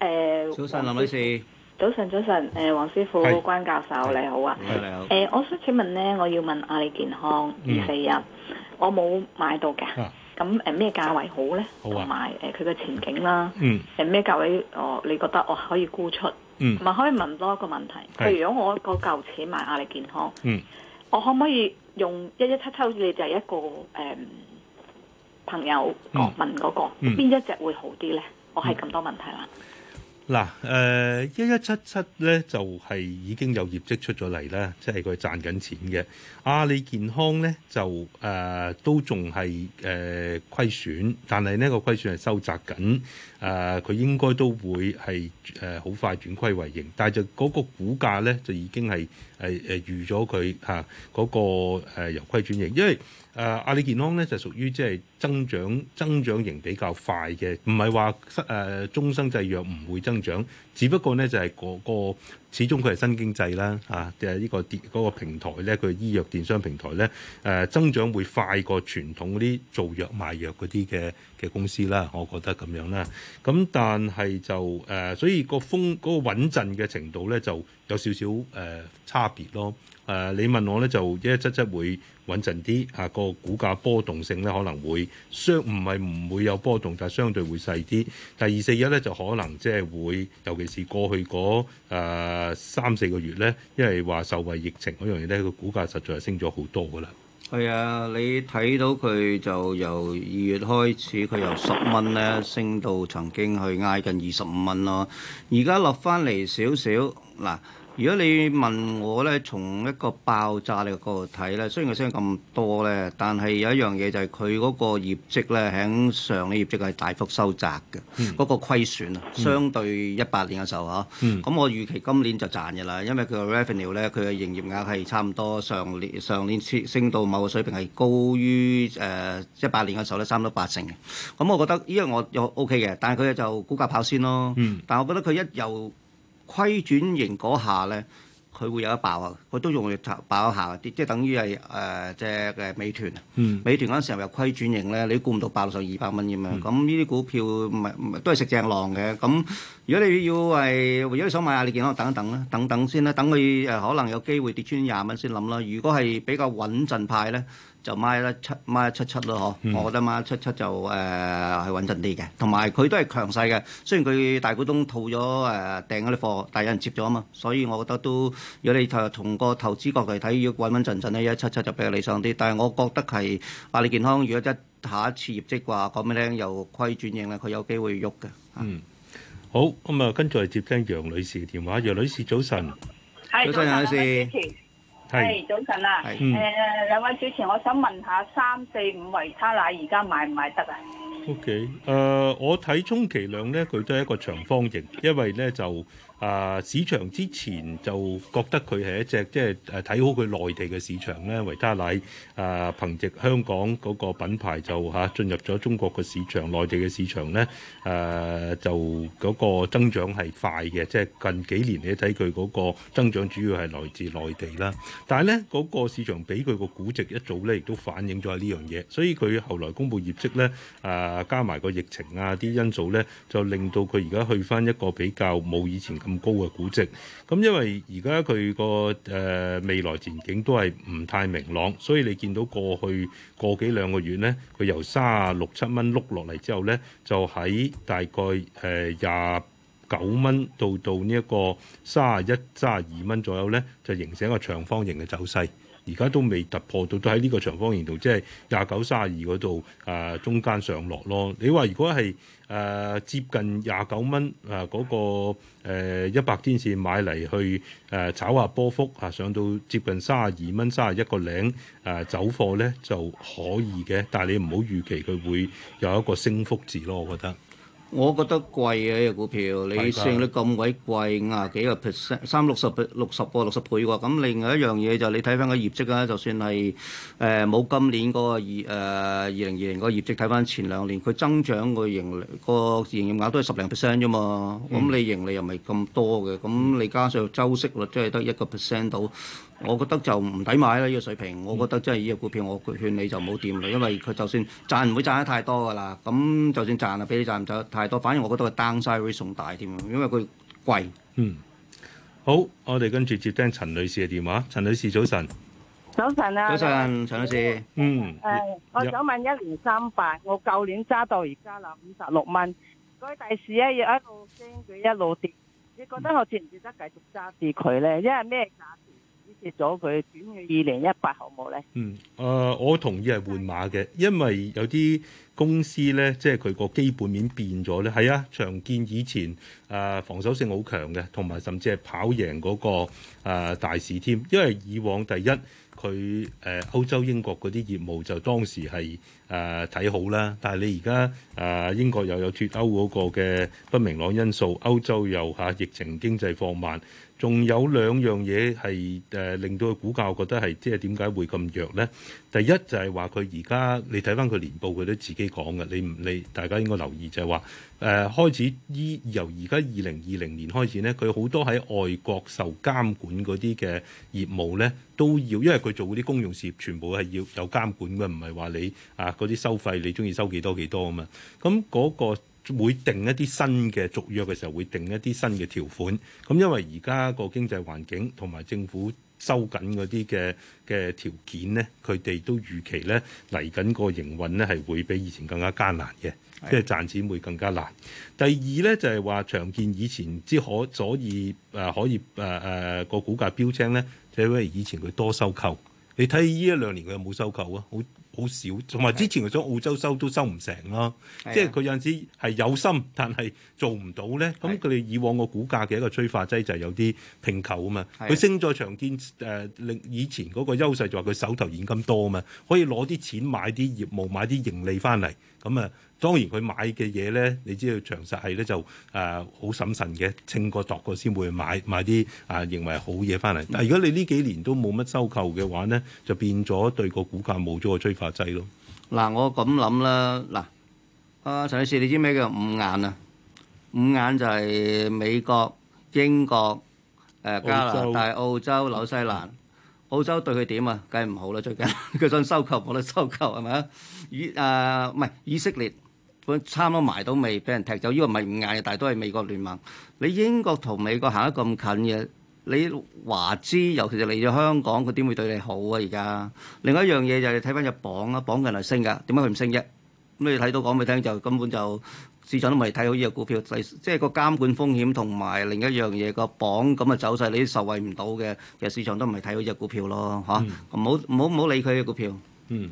B: 誒，早晨，林女士。早晨，早晨。誒，黃師傅、關教授，你好啊。你好。誒，我想請問咧，我要問阿里健康二四一，我冇買到嘅。咁誒，咩價位好咧？好啊。同埋誒，佢嘅前景啦。嗯。誒，咩價位？哦，你覺得我可以沽出？同埋可以問多一個問題，譬如如果我個舊錢買阿里健康，嗯，我可唔可以用一一七七好就你一個誒？朋友問嗰個邊一隻
A: 會好啲咧？我係咁多問題啦。嗱、嗯，誒一一七七咧就係、是、已經有業績出咗嚟啦，即係佢賺緊錢嘅。阿、啊、里健康咧就誒、uh, 都仲係誒虧損，但係呢個虧損係收窄緊。誒、uh, 佢應該都會係誒好快轉虧為盈，但係就嗰個股價咧就已經係誒誒預咗佢嚇嗰個誒由虧轉盈，因為。誒阿里健康咧就屬於即係增長增長型比較快嘅，唔係話誒終生製藥唔會增長，只不過咧就係、是、嗰個,個始終佢係新經濟啦，啊嘅呢、這個電嗰、這個這個平台咧，佢醫藥電商平台咧誒、呃、增長會快過傳統嗰啲做藥賣藥嗰啲嘅嘅公司啦，我覺得咁樣啦。咁但係就誒、呃，所以個風嗰個穩陣嘅程度咧，就有少少誒、呃、差別咯。誒，uh, 你問我咧就一一七七會穩陣啲，啊個股價波動性咧可能會相唔係唔會有波動，但係相對會細啲。第二四一咧就可能即係會，尤其是過去嗰、啊、三四個月咧，因為話受惠疫情嗰樣嘢咧，個股價實在係升咗好多噶啦。
B: 係啊，你睇到佢就由二月開始，佢由十蚊咧升到曾經去挨近二十五蚊咯。而家落翻嚟少少嗱。如果你問我咧，從一個爆炸力嘅角度睇咧，雖然佢升咗咁多咧，但係有一樣嘢就係佢嗰個業績咧，喺上年業績係大幅收窄嘅。嗰、嗯、個虧損啊，相對一八年嘅時候嗬，咁、嗯啊嗯、我預期今年就賺嘅啦，因為佢嘅 revenue 咧，佢嘅營業額係差唔多上年上年升到某個水平係高於誒一八年嘅時候咧，差唔多八成嘅。咁、嗯嗯嗯、我覺得依個我又 OK 嘅，但係佢就股價跑先咯。但係我覺得佢一又。虧轉型嗰下咧，佢會有得爆啊！佢都容易爆一下跌，即係等於係誒隻誒美團。嗯、美團嗰陣時候有虧轉型咧，你估唔到爆到上二百蚊咁樣。咁呢啲股票唔係唔係都係食正浪嘅。咁如果你要係，如果你想買啊，你健康等，等一等啦，等等先啦、啊，等佢誒可能有機會跌穿廿蚊先諗啦。如果係比較穩陣派咧。就買咧七買一七七咯嗬，嗯、我覺得買一、嗯、七七就誒係穩陣啲嘅，同埋佢都係強勢嘅。雖然佢大股東套咗誒、呃、訂嗰啲貨，但係有人接咗啊嘛，所以我覺得都如果你從個投資角度嚟睇，要穩穩陣陣咧，一七七就比較理想啲。但係我覺得係百利健康，如果一下一次業績話咁咧又虧轉盈，咧，佢有機會喐嘅。
A: 啊、嗯，好咁啊，跟住嚟接聽楊女士嘅電話。楊女士早晨，
B: 是早晨楊女士。係，hey, 早晨啦、啊，誒是、呃、兩位主持，我想問下三四五維他奶而家買唔買得
A: 啊？O K，誒我睇充其量咧，佢都係一個長方形，因為咧就。啊！市場之前就覺得佢係一隻即係誒睇好佢內地嘅市場咧，維他奶啊，憑藉香港嗰個品牌就嚇、啊、進入咗中國嘅市場，內地嘅市場咧誒、啊、就嗰個增長係快嘅，即係近幾年你睇佢嗰個增長主要係來自內地啦。但係咧嗰個市場俾佢個估值一早咧，亦都反映咗喺呢樣嘢，所以佢後來公布業績咧啊，加埋個疫情啊啲因素咧，就令到佢而家去返一個比較冇以前咁。咁高嘅估值，咁、嗯、因為而家佢個誒未來前景都係唔太明朗，所以你見到過去過幾兩個月呢，佢由卅六七蚊碌落嚟之後呢，就喺大概誒廿九蚊到到呢一個卅一、卅二蚊左右呢，就形成一個長方形嘅走勢。而家都未突破到，都喺呢個長方形度，即係廿九三十二嗰度啊，中間上落咯。你話如果係誒、啊、接近廿九蚊誒嗰個一百、啊、天線買嚟去誒、啊、炒下波幅嚇、啊，上到接近三十二蚊、三十一個零誒、啊、走貨咧就可以嘅，但係你唔好預期佢會有一個升幅字咯，我覺得。
B: 我覺得貴啊！呢、這、隻、個、股票，的你升得咁鬼貴，五十幾個 percent，三六十六十個六十倍喎。咁另外一樣嘢就你睇翻個業績啦。就算係誒冇今年嗰、那個二誒二零二零個業績，睇翻前兩年佢增長個營、那個營業額都係十零 percent 啫嘛。咁、嗯、你盈利又唔係咁多嘅，咁你加上周息率，即係得一個 percent 到。我覺得就唔抵買啦，呢、這個水平。我覺得真係呢個股票，我勸你就唔好掂啦，因為佢就算賺唔會賺得太多噶啦。咁就算賺啦，俾你賺唔賺得太多，反而我覺得個 downside rate 仲大添，因為佢貴。
A: 嗯，好，我哋跟住接聽陳女士嘅電話。陳女士，早晨。
B: 早晨啊！早晨，陳晨女士。嗯。誒、嗯，嗯、我想問一年三百，我舊年揸到而家啦，五十六蚊。嗰啲大市一日喺度升，佢一路跌，你覺得我值唔值得繼續揸住佢咧？因為咩價？
A: 跌咗佢，轉去二零一八項目呢。嗯，誒、呃，我同意係換馬嘅，因為有啲公司呢，即係佢個基本面變咗呢，係啊，長建以前誒、呃、防守性好強嘅，同埋甚至係跑贏嗰、那個、呃、大市添。因為以往第一，佢誒歐洲英國嗰啲業務就當時係誒睇好啦，但係你而家誒英國又有脱歐嗰個嘅不明朗因素，歐洲又嚇、啊、疫情經濟放慢。仲有兩樣嘢係誒令到佢股價，我覺得係即係點解會咁弱咧？第一就係話佢而家你睇翻佢年報，佢都自己講嘅。你唔你大家應該留意就係話誒開始依由而家二零二零年開始咧，佢好多喺外國受監管嗰啲嘅業務咧，都要因為佢做嗰啲公用事業，全部係要有監管嘅，唔係話你啊嗰啲收費你中意收幾多幾多啊嘛。咁嗰個。會定一啲新嘅續約嘅時候，會定一啲新嘅條款。咁因為而家個經濟環境同埋政府收緊嗰啲嘅嘅條件咧，佢哋都預期咧嚟緊個營運咧係會比以前更加艱難嘅，的即係賺錢會更加難。第二咧就係、是、話，長建以前之可所以誒、呃、可以誒誒個股價標青咧，就是、因為以前佢多收購。你睇呢一兩年佢有冇收購啊？好。好少，同埋之前佢想澳洲收都收唔成啦，即係佢有陣時係有心，但係做唔到咧。咁佢哋以往個股價嘅一個催化劑就係有啲併購啊嘛。佢升咗長建誒，令、呃、以前嗰個優勢就話佢手頭現金多啊嘛，可以攞啲錢買啲業務，買啲盈利翻嚟。咁啊，當然佢買嘅嘢咧，你知道長實係咧就誒好審慎嘅，秤過度過先會買買啲啊認為好嘢翻嚟。但係如果你呢幾年都冇乜收購嘅話咧，就變咗對個股價冇咗個
B: 催化。法制咯。嗱，我咁諗啦。嗱，阿、啊、陳女士，你知咩叫五眼啊？五眼就係美國、英國、誒、呃、加拿大、澳洲、紐西蘭。澳洲對佢點啊？梗係唔好啦、啊，最近佢 想收購，冇得收購，係咪啊？以誒唔係以色列，佢差唔多埋到尾？俾人踢走，呢個唔係五眼，但係都係美國聯盟。你英國同美國行得咁近嘅？你華資尤其是嚟咗香港，佢點會對你好啊？而家另外一樣嘢就係睇翻隻榜啦，榜近嚟升㗎，點解佢唔升啫？咁、嗯、你睇到講俾你聽就根本就市場都唔係睇好呢隻股票，即係個監管風險同埋另一樣嘢個榜咁啊走勢，你都受惠唔到嘅。其實市場都唔係睇好呢隻股票咯，嚇、嗯！唔好唔好唔好理佢嘅股票。嗯。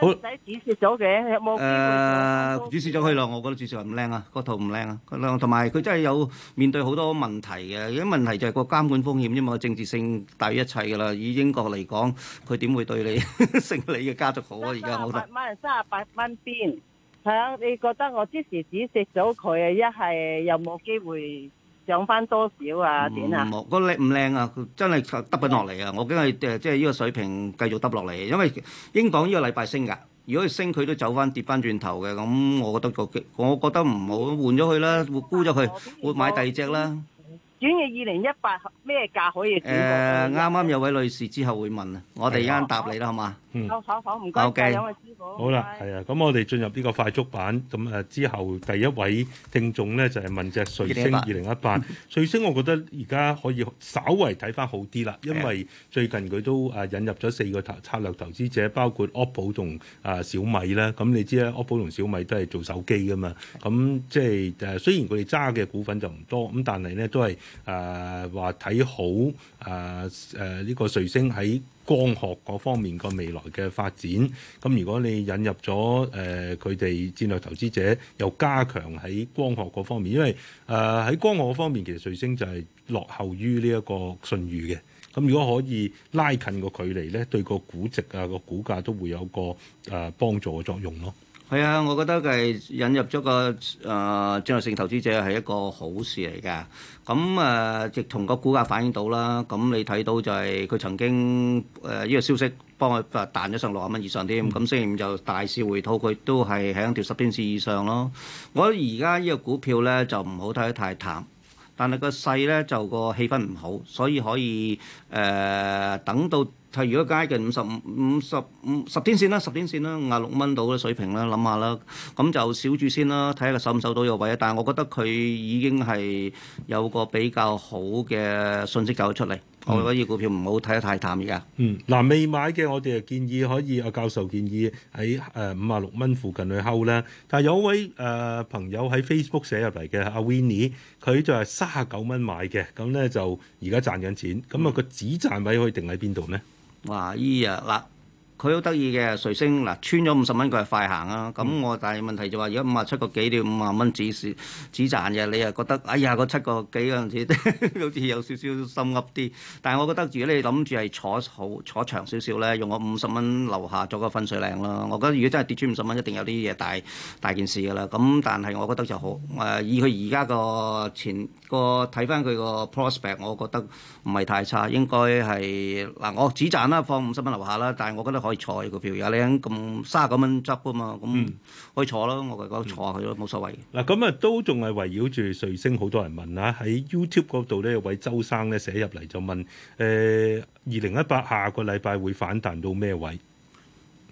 B: 好，唔使止蝕咗嘅有冇機會？止蝕咗佢咯，我覺得止蝕唔靚啊，個圖唔靚啊，同埋佢真係有面對好多問題嘅，啲問題就係個監管風險之嘛，政治性大於一切㗎啦。以英國嚟講，佢點會對你姓李嘅家族好啊？而家我覺得百蚊三十八蚊邊？係啊，你覺得我之前止蝕咗佢，一係有冇機會？上翻多少啊？點啊？唔唔、嗯，唔靚唔靚啊？真係得揼落嚟啊！我驚係即係呢個水平繼續揼落嚟。因為英鎊呢個禮拜升㗎，如果佢升回回，佢都走翻跌翻轉頭嘅。咁我覺得個，我覺得唔好，換咗佢啦，沽咗佢，會買第二隻啦。轉嘅二零一八咩價可以？誒啱啱有位女士之後會問啊，我哋一陣答你啦，的好嘛？好嗯好，好，好，唔該，
A: 有位師傅，好啦了，係啊拜，咁我哋進入呢個快速版，咁啊之後第一位聽眾呢就係、是、問隻瑞星二零一八， 瑞星，我覺得而家可以稍為睇返好啲啦，因為最近佢都啊引入咗四個策略投資者，包括 OPPO 同啊小米啦，咁你知啦，OPPO 同小米都係做手機噶嘛，咁即係誒雖然佢哋揸嘅股份就唔多，咁但係呢都係誒話睇好誒誒呢個瑞星喺光學嗰方面個未來嘅發展，咁如果你引入咗誒佢哋戰略投資者，又加強喺光學嗰方面，因為誒喺、呃、光學嗰方面其實瑞星就係落後於呢一個信譽嘅，咁如果可以拉近個距離咧，對個估值啊、個股價都會有個誒、呃、幫助嘅作用咯。
B: 係啊，我覺得佢係引入咗個誒、呃、專業性投資者係一個好事嚟㗎。咁誒亦同個股價反映到啦。咁你睇到就係佢曾經誒呢、呃這個消息幫佢彈咗上六十蚊以上添。咁、嗯、星期五就大市回吐，佢都係喺一條十天線以上咯。我而家呢個股票咧就唔好睇得太淡。但係個勢咧就個氣氛唔好，所以可以誒、呃、等到睇如果接近五十五、五十五十天線啦，十天線啦，五廿六蚊度嘅水平啦，諗下啦，咁就小注先啦，睇下佢守唔守到有位啊！但係我覺得佢已經係有個比較好嘅信息走咗出嚟。我覺得依股票唔好睇得太淡而家。嗯，
A: 嗱、嗯，未買嘅我哋誒建議可以阿教授建議喺誒五啊六蚊附近去睺啦。但係有一位誒、呃、朋友喺 Facebook 寫入嚟嘅，阿 Winnie 佢就係三啊九蚊買嘅，咁咧就而家賺緊錢。咁、那、啊個止賺位可以定喺邊度咧？
B: 哇！依日啦～佢好得意嘅，瑞星，嗱穿咗五十蚊佢係快行啊！咁我但係問題就話，如果五十七個幾，你五十蚊止止止賺嘅，你又覺得哎呀七個幾嗰陣時好似有少少心噏啲。但係我覺得，如果你諗住係坐好坐長少少咧，用我五十蚊樓下做個分水嶺啦。我覺得如果真係跌穿五十蚊，一定有啲嘢大大件事㗎啦。咁但係我覺得就好誒、呃、以佢而家個前個睇翻佢個 prospect，我覺得唔係太差，應該係嗱我止賺啦，放五十蚊樓下啦。但係我覺得。可以坐個票，有後你咁卅九蚊執啊嘛，咁可以坐咯，我哋講坐下佢咯，冇、嗯、所謂。嗱，咁啊都仲
A: 係圍繞住瑞聲。好多人問啊。喺 YouTube 嗰度咧，有位周生咧寫入嚟就問：誒、欸，
B: 二零一八下
A: 個禮拜會反彈到咩位？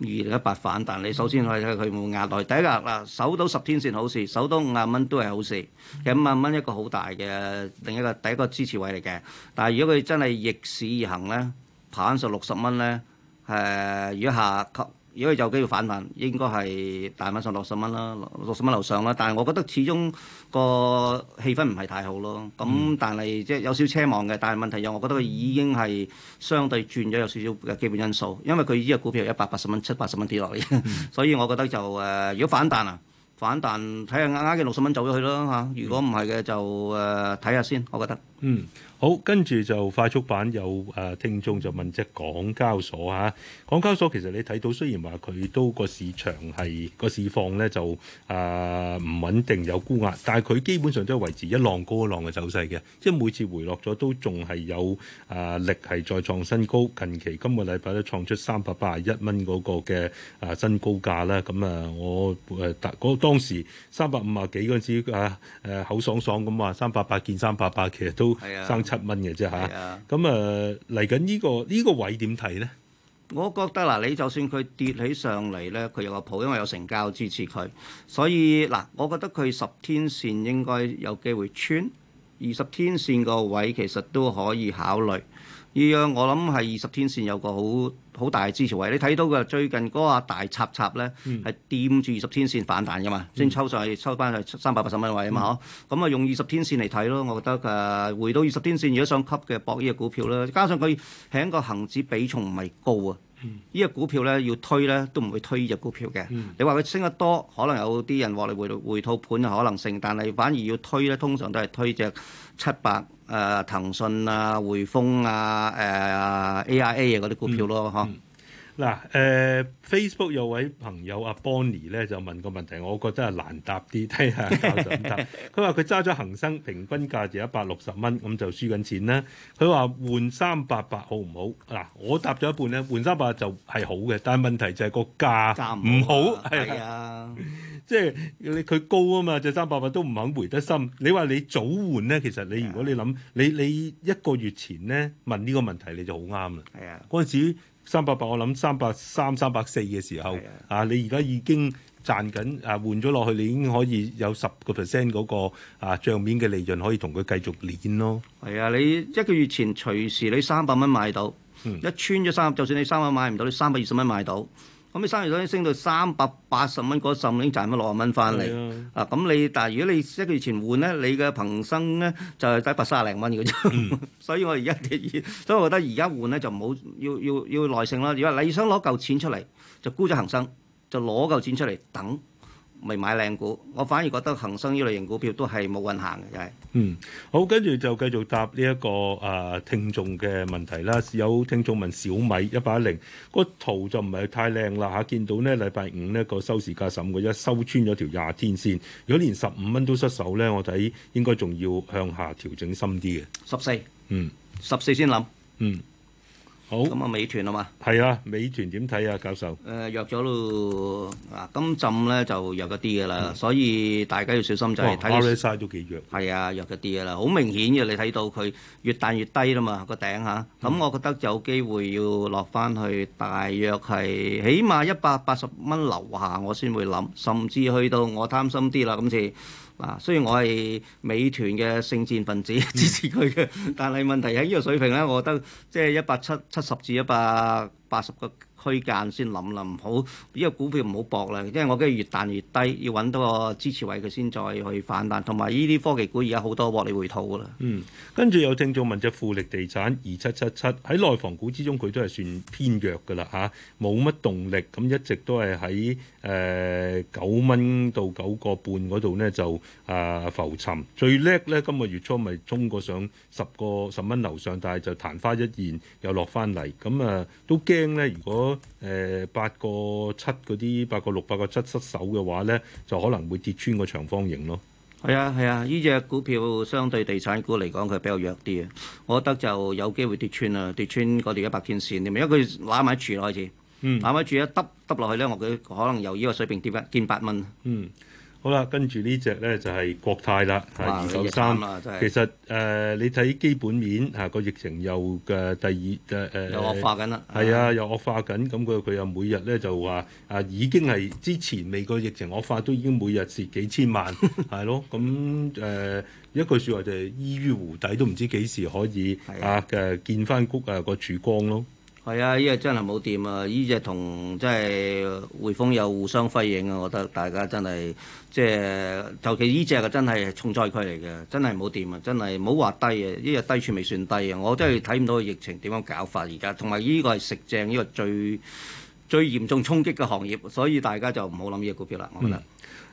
A: 二零一八
B: 反彈，你首先去，睇佢有冇壓台。第一壓啦，守到十天線好事，守到五十蚊都係好事。五十蚊一個好大嘅，另一個第一個支持位嚟嘅。但係如果佢真係逆市而行咧，爬翻上六十蚊咧。誒、呃、如果下級，如果有機會反彈，應該係大五上六十蚊啦，六十蚊樓上啦。但係我覺得始終個氣氛唔係太好咯。咁但係即係有少奢望嘅。但係問題又，我覺得佢已經係相對轉咗有少少嘅基本因素，因為佢依個股票一百八十蚊、七八十蚊跌落嚟，嗯、所以我覺得就誒、呃，如果反彈啊，反彈睇下啱啱嘅六十蚊走咗去咯嚇。如果唔係嘅，就誒睇下先。我覺得。嗯。好，跟住就快速版
A: 有啊聽眾就問，即係港交所嚇，港交所其實你睇到，雖然話佢都個市場係個市況咧就啊唔穩定有估壓，但係佢基本上都係維持一浪高一浪嘅走勢嘅，即係每次回落咗都仲係有啊力係再創新高。近期今個禮拜咧創出三百八十一蚊嗰個嘅啊新高價啦，咁啊我誒特嗰當時三百五啊幾嗰陣時啊誒口爽爽咁話三百八，見三百八，其實都係。七蚊嘅啫嚇，咁誒
B: 嚟緊呢個呢個位點睇呢？我覺得嗱，你就算佢跌起上嚟呢，佢有個抱，因為有成交支持佢，所以嗱，我覺得佢十天線應該有機會穿二十天線個位，其實都可以考慮。依樣我諗係二十天線有個好好大嘅支持位，你睇到嘅最近嗰個大插插咧，係掂住二十天線反彈嘅嘛，先抽上去，抽翻去三百八十蚊位啊嘛嗬，咁 啊樂、嗯、用二十天線嚟睇咯，我覺得誒回到二十天線，如果想吸嘅博呢隻股票咧，加上佢喺個恆指比重唔係高啊，呢隻股票咧要推咧都唔會推呢隻股票嘅，你話佢升得多，可能有啲人獲利回回吐盤嘅可能性，但係反而要推咧，通常都係推隻七百。誒騰訊啊、匯豐啊、誒 AIA 嘅嗰啲股票咯，嚇、嗯。嗯。嗱，誒、呃、Facebook 有
A: 位朋友阿 Bonnie 咧就問個問題，我覺得係難答啲，睇下教授點答。佢話佢揸咗恒生平均價值一百六十蚊，咁就輸緊錢啦。佢話換三百八好唔好？嗱、啊，我答咗一半咧，換三百八就係好嘅，但係問題就係個價唔好，係啊，即係佢高啊嘛，就三百八都唔肯回得心。你話你早換咧，其實你、啊、如果你諗你你一個月前咧問呢個問題，你就好啱啦。係啊，嗰陣時。三百八，300，我諗三百三、三百四嘅時候，啊，啊，你而家已經賺緊，啊，換咗落去，你已經可以有十個 percent 嗰個啊帳面嘅利潤，可以同佢繼續練咯。
B: 係啊，你一個月前隨時你三百蚊買到，嗯、一穿咗三，就算你三百蚊買唔到，你三百二十蚊買到。咁你三月都升到三百八十蚊，嗰陣已經賺咗六十蚊翻嚟。啊，咁你但係如果你一個月前換咧，你嘅恆生咧就係得百卅零蚊嘅啫。嗯、 所以我而家所以我覺得而家換咧就冇要要要，要耐性啦。如果你想攞嚿錢出嚟，就沽咗恒生，就攞嚿錢出嚟等，咪買靚股。我反而覺得恒生呢類型股票都係冇運行嘅，又、就、係、是。嗯，
A: 好，跟住就繼續答呢、這、一個啊聽眾嘅問題啦。有聽眾問小米一百一零個圖就唔係太靚啦嚇、啊，見到呢禮拜五呢個收市價十五個一收穿咗條廿天線。如果連十五蚊都失手呢，我睇應該仲要向下調整深啲嘅。十四，嗯，十四先諗，嗯。
B: 好咁啊！美團啊嘛，係啊！美團點睇啊？教授誒，弱咗、呃、咯，嗱、啊，今浸咧就弱咗啲嘅啦，嗯、所以大家要小心就係、是、睇。係、哦、你啊，弱咗啲嘅啦，好、啊、明顯嘅。你睇到佢越彈越低啦嘛，個頂嚇、啊。咁、啊嗯啊、我覺得有機會要落翻去，大約係起碼一百八十蚊樓下，我先會諗，甚至去到我貪心啲啦，今次。啊，雖然我係美團嘅聖戰分子，支持佢嘅，但係問題喺呢個水平咧，我覺得即係一百七七十至一百八十個區間先諗啦，好，因為股票唔好搏啦，因為我驚住越彈越低，要揾到個支持位佢先再去反彈。同埋呢啲科技股而家好多獲利回吐噶啦。嗯，跟住有聽眾問隻富力地產二七七
A: 七喺內房股之中，佢都係算偏弱噶啦吓，冇、啊、乜動力，咁一直都係喺誒九蚊到九個半嗰度呢。就啊、呃、浮沉。最叻咧，今個月初咪衝過上十個十蚊樓上，但係就曇花一現又落翻嚟。咁啊、呃、都驚咧，如果誒，八個七嗰啲，八個六、八個七失手
B: 嘅話咧，就可能會跌穿個長方形咯。係啊，係啊，呢隻股票相對地產股嚟講，佢比較弱啲啊。我覺得就有機會跌穿啊，跌穿嗰條一百天線點啊，因為佢拉埋住開始，嗯，拉埋住一耷耷落去咧，我佢可能由呢個水平跌一千八蚊，嗯。好啦，跟住呢隻咧就係、是、國泰
A: 啦，啊、二九三。就是、其實誒、呃，你睇基本面嚇個、啊、疫情又嘅、啊、第二誒誒，啊、又惡化緊啦。係啊，啊，又惡化緊，咁佢佢又每日咧就話啊，已經係之前未個疫情惡化都已經每日蝕幾千萬，係 咯。咁、啊、誒一句説話，話就係依於胡底都唔知幾時可以啊嘅、啊、見翻谷啊個曙光咯。
B: 係啊！呢日、哎這個、真係冇掂啊！呢隻同即係匯豐有互相輝映啊！我覺得大家真係即係，尤其呢隻啊，真係重災區嚟嘅，真係冇掂啊！真係唔好話低啊！呢日低處未算低啊！我真係睇唔到個疫情點樣搞法而家，同埋呢個係食正，呢個最最嚴重衝擊嘅行業，所以大家就唔好諗呢個股票啦。我覺得。嗯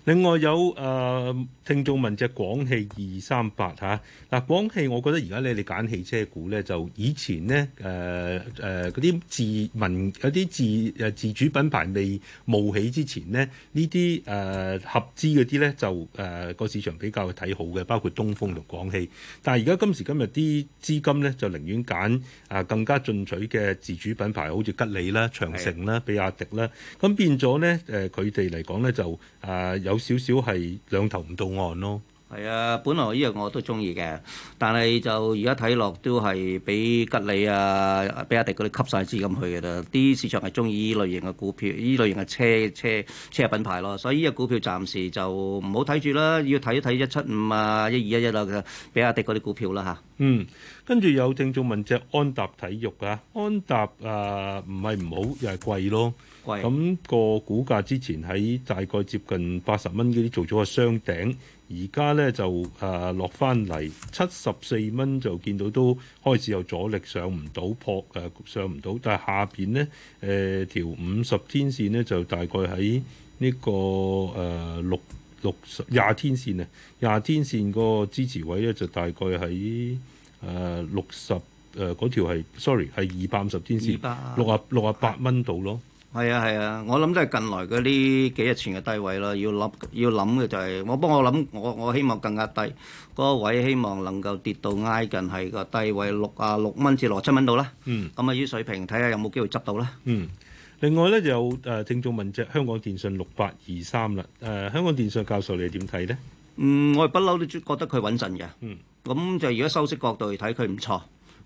A: 另外有誒、呃、聽眾問隻廣汽二三八嚇嗱、啊、廣汽，我覺得而家咧你揀汽車股咧就以前呢，誒誒嗰啲自民啲自誒自主品牌未冒起之前呢，呢啲誒合資嗰啲咧就誒個、呃、市場比較睇好嘅，包括東風同廣汽。但係而家今時今日啲資金咧就寧願揀啊更加進取嘅自主品牌，好似吉利啦、長城啦、比亞迪啦。咁變咗咧誒佢哋嚟講咧就啊、呃、有。有少少係兩頭唔到岸咯。
B: 係啊，本來呢樣我都中意嘅，但係就而家睇落都係俾吉利啊、比亞迪嗰啲吸晒資金去嘅啦。啲市場係中意呢類型嘅股票，呢類型嘅車車車品牌咯。所以呢個股票暫時就唔好睇住啦，要睇一睇一七五啊、一二一一啦，比亞迪嗰啲股票啦吓。嗯，跟住有聽眾問隻安踏
A: 體育啊，安踏啊唔係唔好，又係貴咯。咁個股價之前喺大概接近八十蚊嗰啲做咗個雙頂，而家咧就誒落翻嚟七十四蚊就見到都開始有阻力上唔到破誒、呃、上唔到，但係下邊呢誒、呃、條五十天線呢，就大概喺呢、呢個誒六六十廿天線啊廿天線個支持位咧就大概喺誒六十誒嗰條係，sorry 係二百五十天線六啊六啊八蚊度咯。200, 60,
B: 係啊係啊，我諗都係近來嗰啲幾日前嘅低位啦。要諗要諗嘅就係、是，我幫我諗，我我希望更加低嗰、那個、位，希望能夠跌到挨近係個低位六啊六蚊至六七蚊度啦。嗯，咁啊呢水平睇下有冇機會執到啦。
A: 嗯，另外咧就誒聽眾問隻
B: 香港電訊六八二三啦。誒、呃、香港電訊教授你點睇咧？嗯，我係不嬲都覺得佢穩陣嘅。嗯，咁就、嗯、如果收息角度嚟睇，佢唔錯。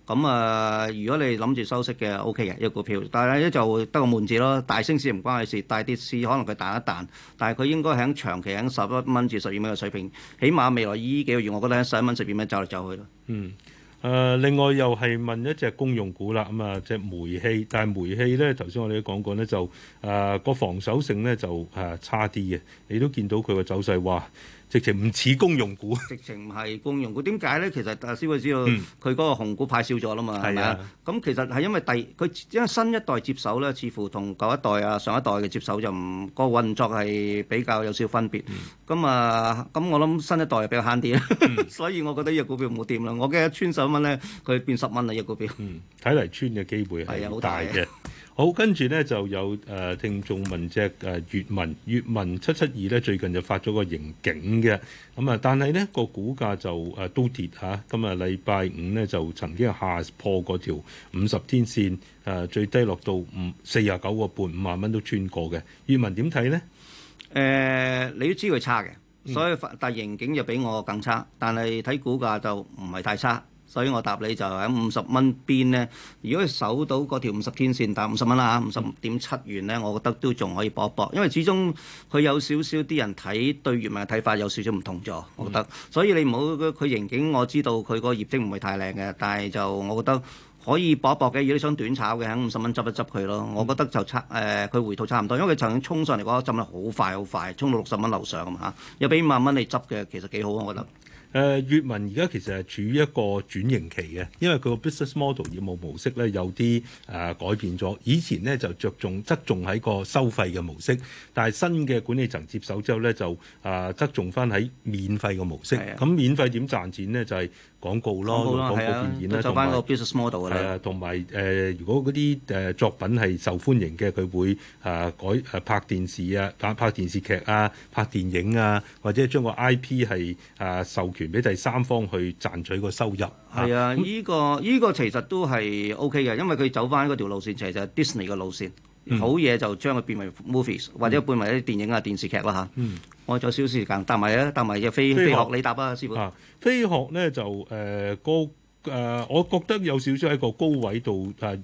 B: 咁啊，如果你諗住收息嘅 O K 嘅一個股票，但係咧就得個悶字咯，大升市唔關佢事，大跌市可能佢彈一彈，但係佢應該喺長期喺十一蚊至十二蚊嘅水平，起碼未來依幾個月，我覺得喺十一蚊、十二蚊走嚟走去咯。嗯，
A: 誒、呃，另外又係問一隻公用股啦，咁、嗯、啊，隻煤氣，但係煤氣咧，頭先我哋都講過咧，就誒個、呃、防守性咧就誒差啲嘅，你都見到佢個走勢話。哇直情唔似公用股，直
B: 情唔係公用股。點解咧？其實啊，師傅知道佢嗰個紅股派少咗啦嘛，係、嗯、吧啊？咁其實係因為第佢因為新一代接手咧，似乎同舊一代啊、上一代嘅接手就唔、個運作係比較有少少分別。咁、嗯嗯、啊，咁我諗新一代比較慳啲啦。嗯、 所以我覺得呢隻股票冇掂啦。我記得穿十蚊咧，佢變十蚊啦，一隻股票。
A: 睇嚟、嗯、穿嘅機會係好大嘅。好，跟住咧就有誒聽眾問隻誒閱文，閱文七七二咧，最近就發咗個盈警嘅咁啊，但係咧個股價就誒都跌嚇。今日禮拜五咧就曾經下破嗰條五十天線，誒最低落到五四廿九個半五萬蚊都穿過嘅。閱文
B: 點睇咧？誒，你都知佢差嘅，所以但盈警又比我更差，但係睇股價就唔係太差。所以我答你就喺五十蚊邊咧，如果你守到嗰條五十天線，但五十蚊啦，五十點七元咧，我覺得都仲可以搏一搏，因為始終佢有少少啲人睇對業嘅睇法有少少唔同咗，我覺得。嗯、所以你唔好佢刑警。我知道佢個業績唔係太靚嘅，但係就我覺得可以搏一搏嘅，如果你想短炒嘅，喺五十蚊執一執佢咯。我覺得就差誒，佢、呃、回吐差唔多，因為佢曾經衝上嚟嗰陣，浸得好快好快，衝到六十蚊樓上咁嚇，又俾五萬蚊你執嘅，其實幾好我覺得。嗯誒、呃，閱文而家其實係處於一個轉型期嘅，因為佢個 business model 業務模式
A: 咧有啲誒、呃、改變咗。以前咧就着重側重喺個收費嘅模式，但係新嘅管理層接手之後咧就誒側、呃、重翻喺免費嘅模式。咁的、嗯、免費點賺錢咧就係、是。廣告咯，廣告電影，建議咧，同埋係啊，同埋誒，啊、如果嗰啲誒作品係受歡迎嘅，佢會誒、啊、改誒、啊、拍電視啊，拍拍電視劇啊，拍電影啊，或者將個 I P 係誒、啊、授權俾第三方去賺取個收入。係啊，呢、啊這
B: 個依、嗯、個其實都係 OK 嘅，因為佢走翻嗰條路線，其實係 Disney 嘅路線。好嘢、嗯、就將佢變為 movies 或者變為啲電影啊、嗯、電視劇啦嚇，嗯、我仲有少少時間，答埋啊搭埋隻飛飛鶴鴨你答啊師傅。啊、
A: 飛鶴咧就誒、呃、高誒、呃，我覺得有少少喺個高位度誒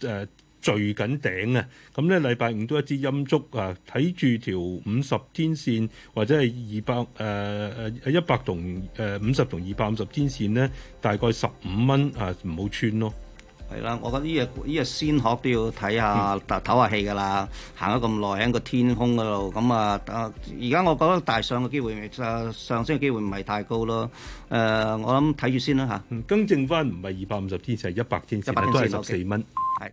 A: 誒聚緊頂，頂啊，咁咧禮拜五都一支陰燭啊，睇住條五十天線或者係二百誒誒一百同誒五十同二百五
B: 十天線咧，大概十五蚊啊唔好穿咯。係啦，我覺得呢日依嘢先學都要睇下，唞下氣噶啦。嗯、行咗咁耐喺個天空嗰度，咁啊，而家我覺得大上嘅機會，上上升嘅機會唔係太高咯。誒、呃，我諗睇住先啦、啊、嚇、嗯。更正返唔係二百五十天，就係一百天，一百都係十四
A: 蚊。Okay.